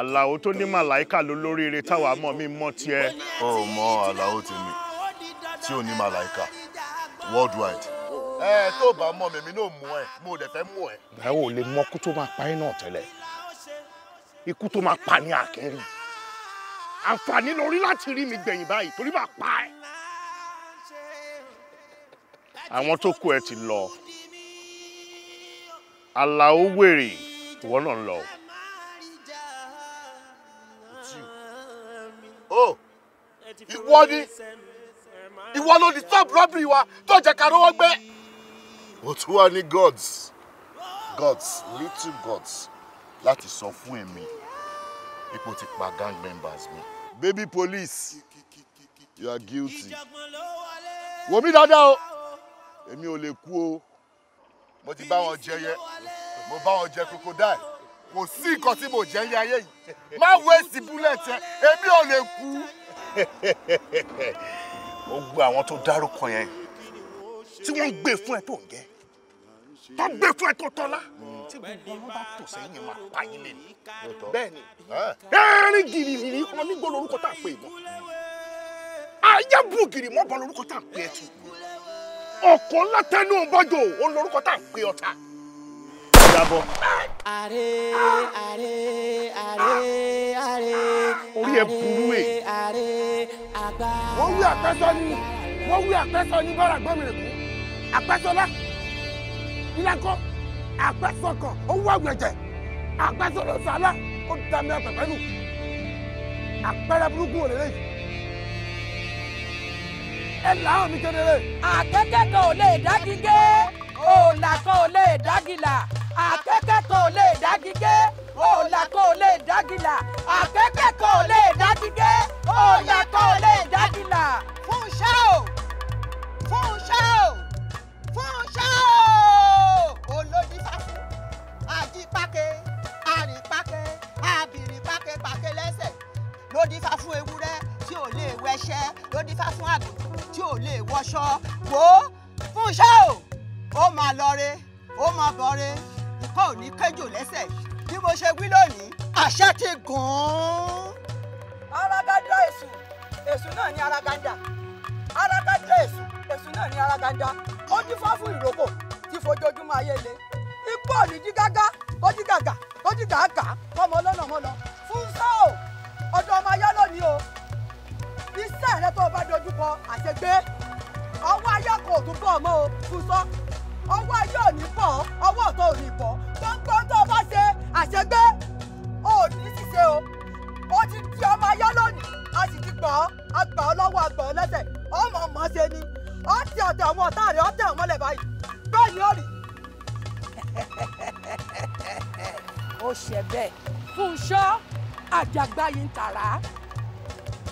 aláwo tó ní màláìka ló lórí rẹ̀ táwa mọ̀ mí mọ́ tiẹ̀. o mọ aláwo tèmi tí ò ní màláìka worldwide. ẹ tó bá mọ mi mi náà mú ẹ mo lè fẹ́ mú ẹ. ẹ ò lè mọ kú tó máa pa yín náà ikú tó máa pa ní àkẹ́rì àǹfààní lórí láti rí mi gbẹ̀yìn báyìí torí máa pa ẹ. àwọn tó kú ẹ ti lọ àlàó wèrè ìwọ náà lọ. ìwọ ni ìwọ ló disturb robbery wa tó jẹ́ ká rówó gbé. ó tún gods gods little gods láti sọ fún èmi ipò ti pa gang members mi. baby police you are guilty. wò mí dáadáa o èmi ò lè kú o mo ti bá wọn jẹyẹ mo bá wọn jẹ crocodile kò sí nǹkan tí mo jẹ ní ayé yìí má wẹ́ẹ̀sì búlẹ̀tì ẹ èmi ò lè kú. gbogbo àwọn tó dárúkọ yẹn tí wọ́n gbé fún ẹ tó ń jẹ́ tó ń gbé fún ẹ tó tọ́lá tí gbogbo wọn bá tò sẹ́yìn máa pa yín lé ní. bẹ́ẹ̀ ni ah. ẹ̀rín ọmọ mi gbọ́ lórúkọ tá à ń pè mọ́ ayé bù gìrì mọ́ bọ́ lórúkọ tá à pè ẹ̀ tù ọkọ̀ ńlá tẹnu bọ́jọ òun lórúkọ tá à ń pè ọ̀tá. ìyàbọ̀. àrè àrè àrè àrè orí ẹ burú ẹ. Eh. àrè wọ́n wí àpẹ́sọ ni wọ́n wí àpẹ́sọ ní bára gbọ́n mi rè lá ìlàkọ́ àpẹ́sọ kan ó wú àgbẹ̀jẹ̀ àpẹ́sọ ló sọ alá ó da mi nù àpẹẹrẹ burúkú ò lélẹ́yìí ẹ làwọn mi kedere. àkẹ́kẹ́ kan ò lè dágigé òòlà kan ò lè dágìlà àkẹ́kẹ́ kan ò lè dágigé òòlà kò lè dágìlà àkẹ́kẹ́ kò lè dágídé òòlà kò lè dágìlà. Fúnṣẹ́ o Fúnṣẹ́ o Fúnṣẹ́ o olódì fàfún àjípákẹ́ àrìnpákẹ́ àbìrìpákẹ́ pàkẹ́ lẹ́sẹ̀ lódì fàfún ewúrẹ́ tí ò lè wẹṣẹ́ lódì fàfún àgùntàn tí ò lè wọṣọ wò ó Fúnṣẹ́ o ó máa lọ re ó máa bọ̀ re nǹkan ò ní kẹjọ lẹ́sẹ̀ bí mo ṣe wí lónìí àṣà ti gùn ún. aragada èṣù èṣù náà ní aragada aragada èṣù èṣù náà ní aragada ó dífá fún ìrókò tí fojoojúmọ́ ayé le ipò òníjí gágá ó jí gàgà ó jí gàgà mọ́mọ́ lọ́nà mọ́nà fún sọ́ọ̀ ọ̀dọ̀ ọmọ ayé lónìí o iṣẹ́ rẹ tó o bá dojúkọ àṣegbé ọwọ́ ayé kò tún bọ̀ mọ́ o fún sọ́ọ̀ ọwọ́ ayé ò ní bọ̀ ọwọ́ ọ̀tọ̀ ò ní bọ̀ gbọ́ngbọ́n tó bá ṣe àṣegbé ò ní ṣiṣẹ́ o ó ti di ọmọ ayé lónìí a sì ti gbọ́ a gbà ọ́ lọ́wọ́ a gbà ọ́ lẹ́sẹ̀ ọmọ ọmọ ṣe ni ó ti ọ̀dọ̀ àwọn ọ̀tá rẹ̀ ó tẹ̀ wọ́n lẹ̀ báyìí bẹ́ẹ̀ ni ó rí. ó ṣe bẹ́ẹ̀ Fúnṣọ́ àjàgbá yìí ń tàrà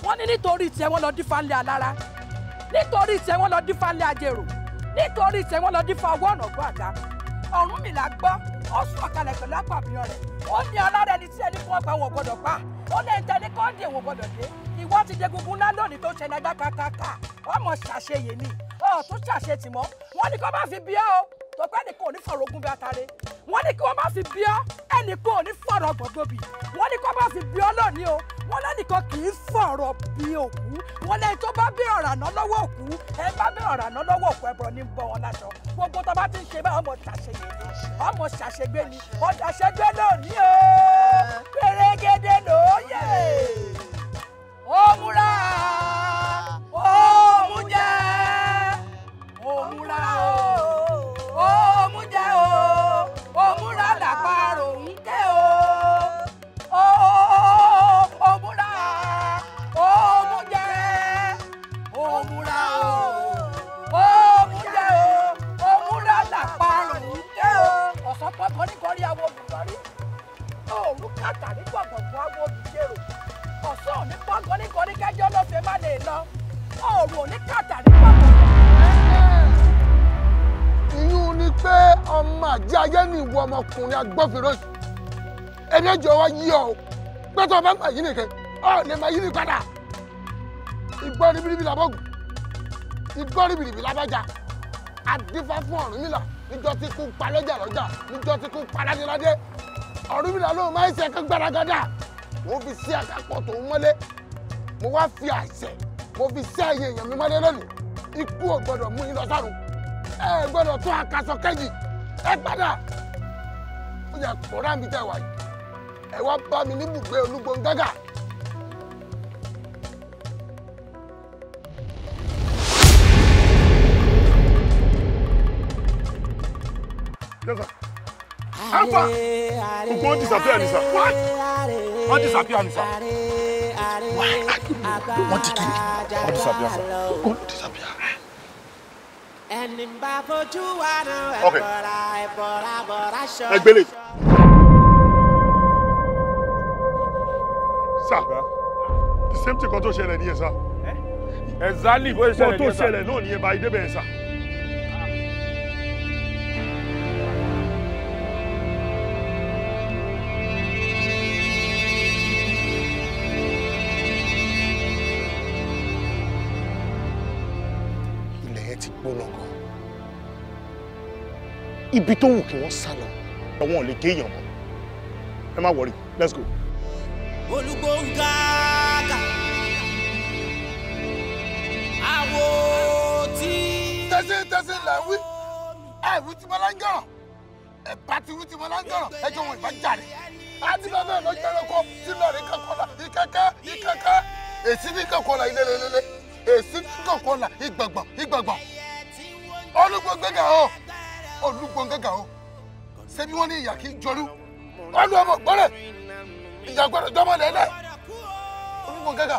wọ́n ní nítorí tiẹ̀ wọ́n lọ dífá ńlẹ̀ alára nítorí tiẹ̀ wọ́n lọ nítorí tẹ̀wọ́n lọ dín fún ọwọ́ ọ̀nà ọ̀gbọ́n àdá ọ̀run mi là gbọ́ ó sùn ọ̀kalẹ̀ pẹ̀lú àpàbíyàn rẹ̀ ó ní alára ẹni tí ẹni fún ọgbà wọn gbọdọ̀ pa ó lè tẹ ní kọ́ńdì èwo gbọdọ̀ dé ìwọ ti jẹ gungun ńlá lónìí tó ṣẹlẹ̀ gbàkàkàkà ọmọ ṣàṣeyè ni ọ̀tún ṣàṣetìmọ́ wọn ni kó má fi bí ọ́ tọ́pẹ́ nìkan ò ní fọ̀rọ̀ ogun bí atare wọ́n ní kí wọ́n má fi bí ọ́ ẹnìkan ò ní fọ̀rọ̀ gbọ̀gbọ̀bì wọ́n ní kí wọ́n má fi bí ọ́ lónìí o wọ́n lẹ́nìkan kì í fọ̀rọ̀ bí òkú wọ́n lẹ́yìn tó bá bí ọ̀rà ná lọ́wọ́ òkú ẹ bá bí ọ̀rà ná lọ́wọ́ òkú ẹbọ̀rọ̀ ní bọ́ wọn láṣọ gbogbo tó bá ti ń ṣe bá ọmọ ṣàṣeyẹ ọmọ ṣàṣegbé ni ọjà ṣẹgbẹ́ lónìí o pèrègede lóye ó múra. lọ gọ́nígọ́ní kẹjọ ló ṣe má lè lọ òòrùn òní kàtàrí pàtó. ìyún ni pé ọmọ àjẹ ayé ni ìwọ ọmọkùnrin agbófinró yìí ẹni ẹjọ wa yí ọ pé tó o bá ń gbà yí nìkan ọ lè máa yí ní padà ìgbọ́ ribiribi làbọ̀gùn ìgbọ́ ribiribi làbájá adífá fún Ọ̀rúnmìlà níjọ́ tí kú pa lọ́jà lọ́jà níjọ́ tí kú pa ládéládé Ọ̀rúnmìlà lóun máa ń ṣe ẹ̀kọ́ gbáragadà wọ́n fi sí àkàpọ̀ tòun mọ́lé mo wá fi àṣẹ mo fi sí àyè èèyàn mi mọ́lẹ́ lónìí ikú ò gbọ́dọ̀ mú yín lọ sọ́run ẹ gbọ́dọ̀ tún akaṣọ kẹ́yìn ẹ padà ó yẹ kóra mi tẹ wáyé ẹ wá bá mi níbùgbé olúgbóngágà. Look up. Alpha! Ugo disappear, Nisa. What? What disappear, Nisa? What did he All disappear. disappear. Okay. Egbele. Sir, the same thing kan to share nìyẹn sir. Exactly bó to share. nìyẹn sir. Kan tó ṣẹlẹ̀ náà sir. gbóná ibi tó wù kí wọ́n sá lọ àwọn ò lè gé èèyàn kan ẹ má wọrí let's go. olùgbòǹgàgà àwo tí. tẹ́sí tẹ́sí là ń wí ẹ̀rù tí mo láń gàràn ẹ̀bá ti wí tí mo láń gàràn ẹjọ́ wọn ìbá jàre láti bá bẹ́ẹ̀ lọ́jọ́ ẹranko tí lọ́ọ̀rì kankọ́lá ìkẹ́kẹ́ ìkẹ́kẹ́ èsì ní kankọ́lá ilé lélẹ́lẹ́ èsì ní kankọ́lá ìgbàgbọ́ ìgbàgbọ́ olùgbòǹgàgà o olùgbòǹgàgà o ṣé bí wọ́n ní ìyà kí n jọrú wọ́n lu ọmọ gbọ́rẹ̀ ìyá gbọ́dọ̀ jọmọ lẹ́lẹ̀ olùgbòǹgàgà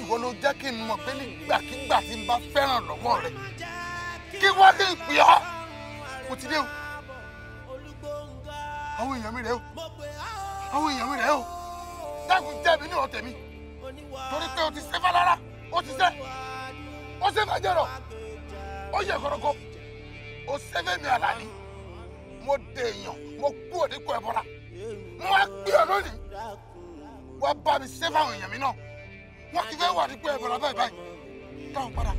ìwọ ló jẹ́ kí n mọ̀ pé nígbàkigbà tí n bá fẹ́ràn lọ́wọ́ rẹ̀ kí wọ́n ní ìpè ọ́ kò ti dé o àwọn èèyàn mi rẹ̀ o àwọn èèyàn mi rẹ̀ o dákun jẹ́bi ní ọ̀tẹ̀ mi torí pé o ti ṣe fẹ́ lára o ti ṣe o ṣe fẹ́ jẹ̀rọ̀ ọyẹ kọrọkọ o sẹfẹ mi alani mo de èèyàn mo kú òde kú ẹbọra mo wá gbé ọ lónìí wá bá mi sẹfẹ àwọn èèyàn mi náà wọn ti fẹ́ wà ní kú ẹbọra báyìí báyìí dáhùn padà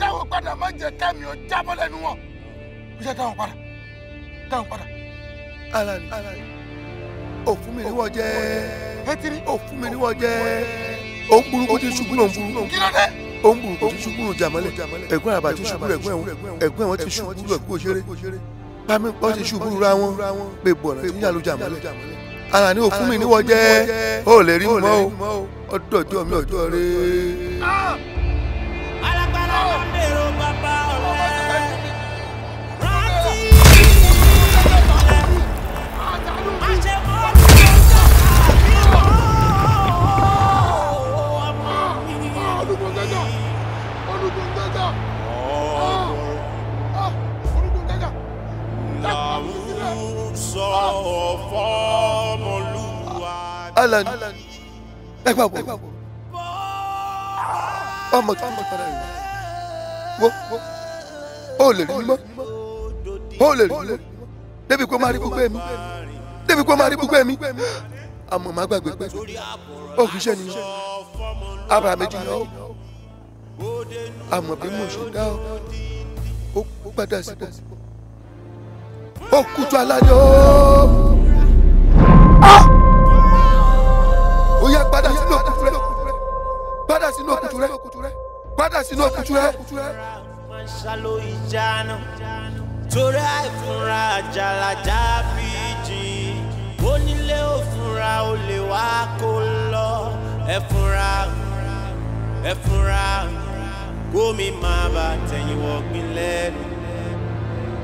dáhùn padà má jẹ kẹmi ọ jábọ́ lẹ́nu wọn ó jẹ dáhùn padà dáhùn padà. alani òfun mi ni wọ́n jẹ́ òfun mi ni wọ́n jẹ́ òun burúkú ti ṣubú lòun burúkú. kí ló dé ó ń burúkú tí ṣubú ròjà mọ́lẹ̀ ẹ̀gbọ́n àbá ti ṣubú rẹ̀ ẹ̀gbọ́n wọn ti ṣubú rẹ̀ kó ṣeré pàmí pọ́ ti ṣubú ra wọn pé bọ̀nà tí yàrá lójà mọ́lẹ̀ ara ni òfún mi níwọ̀ jẹ́ ó lè rí mọ́ o ọdún ọjọ́ mi ọjọ́ rẹ̀. Ah! alágbára ló ń dèrò bàbá ọ̀lẹ́. Alan ẹ gbàgbọ́ ọmọ tó mọ tara yìí wo ó lè rí mọ́ ó lè rí mọ́ débi kó má rí gbogbo ẹ̀mí débi kó má rí gbogbo ẹ̀mí àmọ́ má gbàgbé pé ó fi iṣẹ́ nìyẹn abàrà méjì yọ àmọ́ bí mo ṣe dá ọ ó padà síbò ó kújú aládé ó. Ah! ó yá padà sínú òkùtù rẹ padà sínú òkùtù rẹ padà sínú òkùtù rẹ. ṣàlò ìjánu torí àìfúnra àjàlájà fìjì onílé òfúnra ò lè wá kó lọ ẹfúnra ẹfúnra gómi má bàa tẹ̀yìn wọ̀gbìn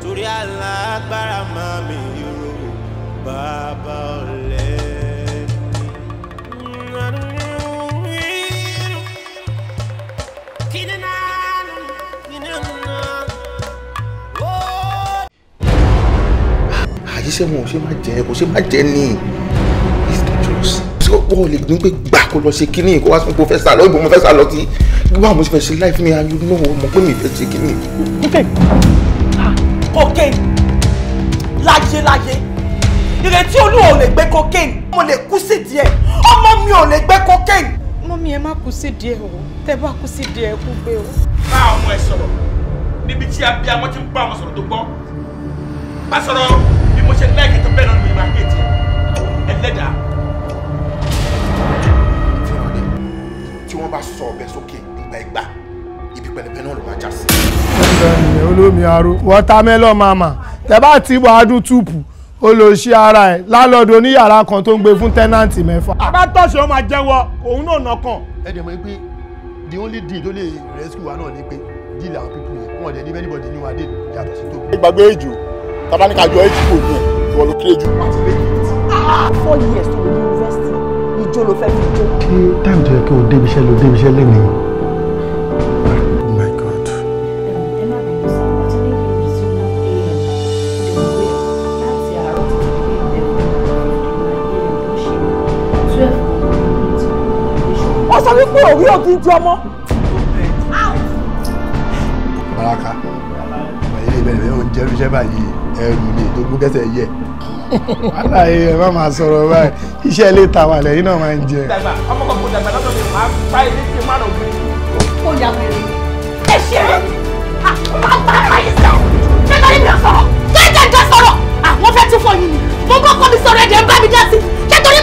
torí alágbára máa mi rò bàbá ọ̀lẹ. àyíṣẹ́ wọn ò ṣe máa jẹ kò ṣe máa jẹ ní ìtọ́jọ́sí. tí ó pọ̀ lè dún pé gbà kó lọ ṣe kínní kó wá sí kó fẹ́ sá ìbò mo fẹ́ sá sí. wọ́n àwọn mo ṣe láì fún mi ayé náà mo pé mi fẹ́ ṣe kínní cocaine láyéláyé ìrètí olúwa ò lè gbé cocaine mo lè kú sí díẹ̀ ọmọ mi ò lè gbé cocaine. mọ́mí ẹ má kú sí díẹ̀ o tẹ́ bá kú sí díẹ̀ kú gbé o. bá ọmọ ẹ sọ̀rọ̀ níbi tí abiyamọ ti ń bá ọmọ sọ̀rọ̀ tó gbọ́ bá sọ̀rọ̀ bí mo ṣe láìka tó bẹ́ẹ̀ náà ló máa kéèjì ẹlẹ́dàá. tí wọ́n bá sọ ọbẹ̀ sókè nígbà olóṣì ara ẹ̀ lálọ́dọ̀ oníyàrá kan tó ń gbé fún tẹ́nàǹtì mẹ́fà. abátọ́sí ó máa òun náà nọkàn. ẹ dẹ̀ mọ̀ pé the only deal tó lè rescue wa náà ni pé deal àwọn people yẹn wọn dẹ̀ ní anybody ní wadé yàtọ̀ sí tóbi. ìgbàgbé èjò tàbá ní kájọ èjì kò ní ìwọ ló kéré jù. four years to the university ìjó ló fẹ́ fi jó. kí táìmù tó yẹ kí o débi iṣẹ́ ló lé ó sọ wípé òwe ògì di ọmọ. baraka ilé ìbẹ̀rẹ̀ ò jẹ́rú iṣẹ́ báyìí ẹrù lè tó gbó kẹsẹ̀ yẹ. aláyé ẹ má máa sọ̀rọ̀ báyìí iṣẹ́ ilé ta wà lẹ́yìn náà máa ń jẹ. ọmọ kan kò dàgbà lọ́dọ̀ mi máa pa ilé tí má lọ gbé. ó yà wèrè ẹ ṣe é máa bá ara yìí sọ kẹ́kẹ́ ní mi ò sọ̀rọ̀ kẹ́kẹ́ ní mi ò sọ̀rọ̀ àwọn fẹ́ tún fọ yín ni mo kọ́kọ́ mi sọ̀rọ̀ ẹ̀jẹ̀ ń bá mi dá sí i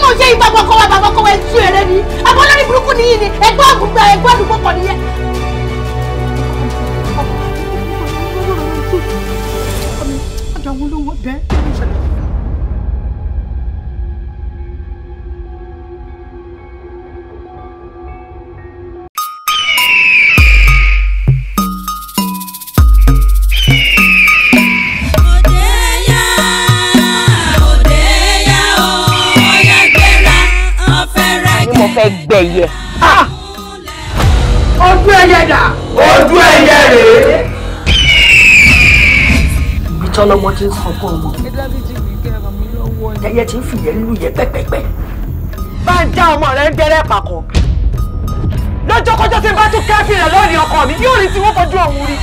ò jẹ́ ìgbà kọ́kọ́ wa bàbá kọ́kọ́ wa ẹ̀ tú ẹ̀rẹ́ ni àbọ̀ lórí burúkú ni ẹgbẹ́ ògùn gba ẹgbẹ́ òdùnkọ́ kọ̀ nìyẹn tọ́lọ́mọ ti ń sọkún ọmọ ẹyẹ ti ń fìyẹ́ lù yẹ pẹ́pẹ́pẹ́. bá ń já ọmọ rẹ ń dẹ́rẹ́ pàkọ́ lọ́jọ́kọ́jọ́ tí n bá tún kẹ́fì rẹ̀ lónìí ọkọ mi yóò rí tí wọ́n fojú òun rí.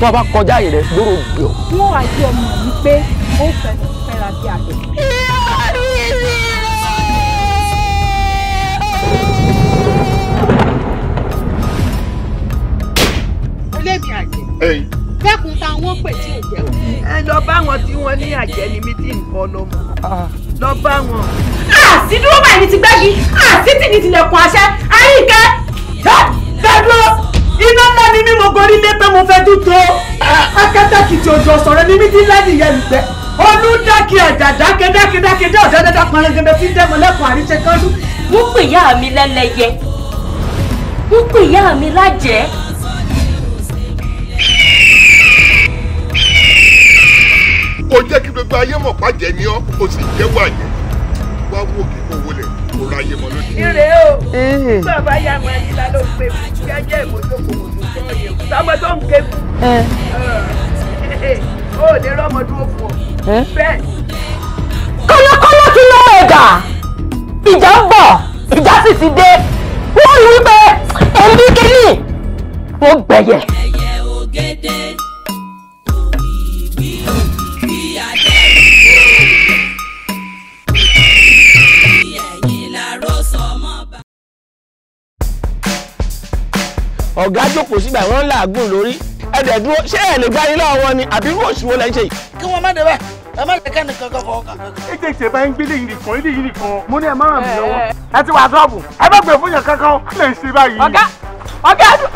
tó o bá kọjá yìí rẹ lóró gbé ọ. wọn wá jẹ ọmọ mi pé ó fẹ́ fẹ́ra bí àgbẹ̀. dẹ́kun ta wọ́n pè tí ò jẹ́ o. ẹ lọ bá wọn tí wọ́n ní àjẹ́ ni mí tí ń kọ́ ló mọ̀ ah. lọ bá wọn. àti dúró báyìí ní ti gbẹ́gi àti tì ní tilẹ̀kùn àṣẹ àyíkẹ́ fẹ́dúró iná ńlá ni mí mo gorí lé pé mo fẹ́ dúdú akátàkìtì òjò ọ̀sọ̀rọ̀ ni mí ti láti yẹ lùgbẹ́ olùdákì àjàdá kédákédákédá ọ̀dádádá pọnrẹ́gẹ́dẹ́ tí ń dẹ́mọ̀ lẹ́kùn àríṣẹ́ kan dún. wọ́n pè yá mi lẹ́lẹ́yẹ wọ́n pè yá mi lájẹ́. kò jẹ́ kí gbogbo ayé mọ̀ pàjẹ́ ni ọ́ kò sì jẹ́wọ́ àjẹ́ wá wò kí kò wọlé kò ra ayé mọ́ lónìí. ire o bàbá yà máa yí lálẹ́ òpè jẹ́jẹ́ ìmọ̀jókòó sọmọ tó ń fún ó lè rọmọ dúró fún ọ bẹ́ẹ̀. kọ́lọ́kọ́lọ́ ti lọ ẹ̀dà ìjà ń bọ̀ ìjà sì ti dé wọ́n rí wípé èmi kìíní wọ́n gbẹ̀yẹ̀. ọ̀gá jókòó sígbà wọ́n ń làágùn lórí ẹ̀dẹ̀ dúró ṣé ẹ̀ lè gbáyé lọ́wọ́ wọn ni àbí wọ́n ṣùwọ́ lẹ́ ń ṣe yìí. kí wọ́n má dé bẹ́ẹ̀ ẹ má lè kẹ́ni kankan kan. ẹ jẹ́ ìṣẹ̀bá ń gbélé yìí nìkan ilé yìí nìkan mo ní ẹ má ràn mí eh, lọ́wọ́. Eh. ẹ ti wà sọ́ọ̀bù ẹ bá gbé fún yàn kankan kí lè ṣe báyìí. ọ̀gá ọ̀gá ẹ̀dùn.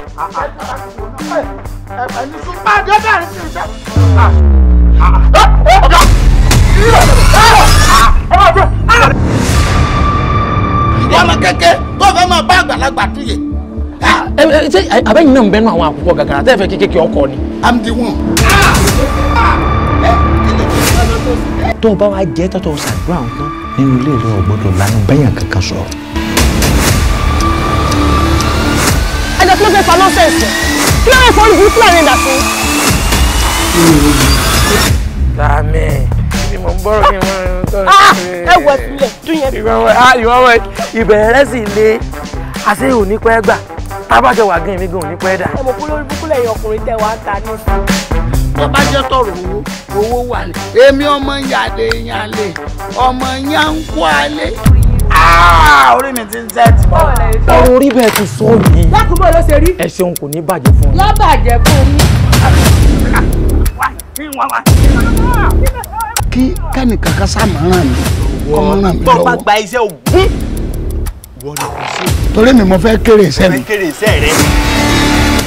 ẹ̀ẹ́dì ọmọ kékeré kó fẹ́ máa bá àgbàlagbà túyè ṣe àbẹ́yìn náà ń bẹ́nu àwọn àkókò gàgàrà tẹ́ẹ̀fẹ́ kékeré ọkọ ni. i'm the one. tó o bá wa jẹ́ tọ́tọ̀ ṣàdúrà nǹkan nínú ilé rẹ ò gbọ́dọ̀ lánàá bẹ́yàn kankan sọ. ẹ̀jẹ̀ kí ló fẹ́ fa nọ́ọ̀sẹ̀sì kí ló fẹ́ fọ́ ìlú fúlàní dà sí. sàmì ni mo ń bọ̀rọ̀ kí n máa ń tọ́ ah, ẹ wọ ẹ sílẹ̀ tún yẹn. Ah, ìwọ wọ ibẹ̀rẹ̀ sì le àṣẹ òní pẹ́ gbà tábàjọ wà gé mi gan ní pẹ́ẹ́dà. ẹ mọ̀ kó búkúlẹ̀ yẹn ọkùnrin tẹ wàá ta ní sí. bá jẹ́ tọ̀rọ̀ owó owó wà lẹ̀ èmi ọmọ yàdé yànlè ọmọ yankó alẹ́. Ah, orí mi ti ń tẹ́ ti bọ̀. ọ̀rọ̀ orí bẹ́ẹ̀ ti sọ yìí. lákùúgbọ́ ló ṣe rí. ẹ ṣeun kò ní bàjẹ́ fún mi. lọ́bàjẹ́ fún mi. kí kẹ́nìkan kan sá máa ràn kọ́ máa bá gba iṣẹ́ ògún. Hm? torí mi mo fẹ́ kéré iṣẹ́ mi.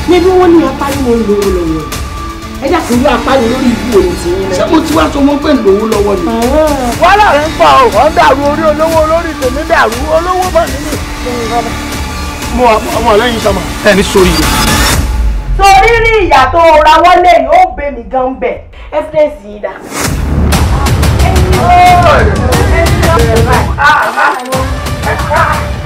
níbi wọ́n ní apáyọ̀ lówó lọ́wọ́ ẹ jà kúrú apáyọ̀ lórí ìlú òní ti yín. ṣé mo ti wá sọ mo pé lówó lọ́wọ́ ni. wàhálà rẹ̀ ń pa ọ̀rọ̀ dàrú orí olówó olórí tèmi dàrú olówó bọ̀ nínú mo àwọn ọ̀lẹ́yin sọmọ. ẹ ní sórí rẹ. torí rí ìyà tó ra wọlé yìí ó bẹ mí gan bẹ evidence yìí dà. ẹni ọ̀rọ̀ ẹni ọ̀rọ̀ báyìí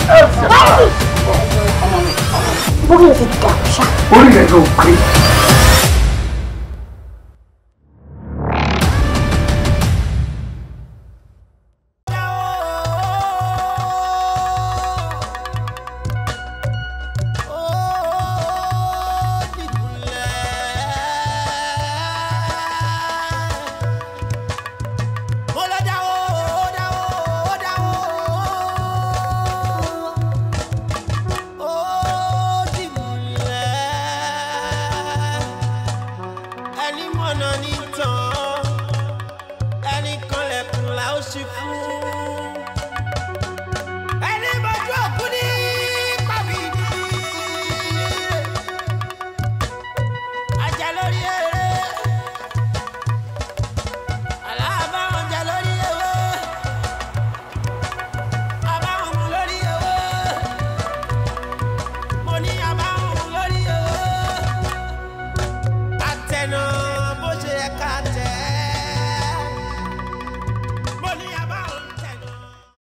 bóyá ti dà ṣá. orí rẹ̀ ló pé.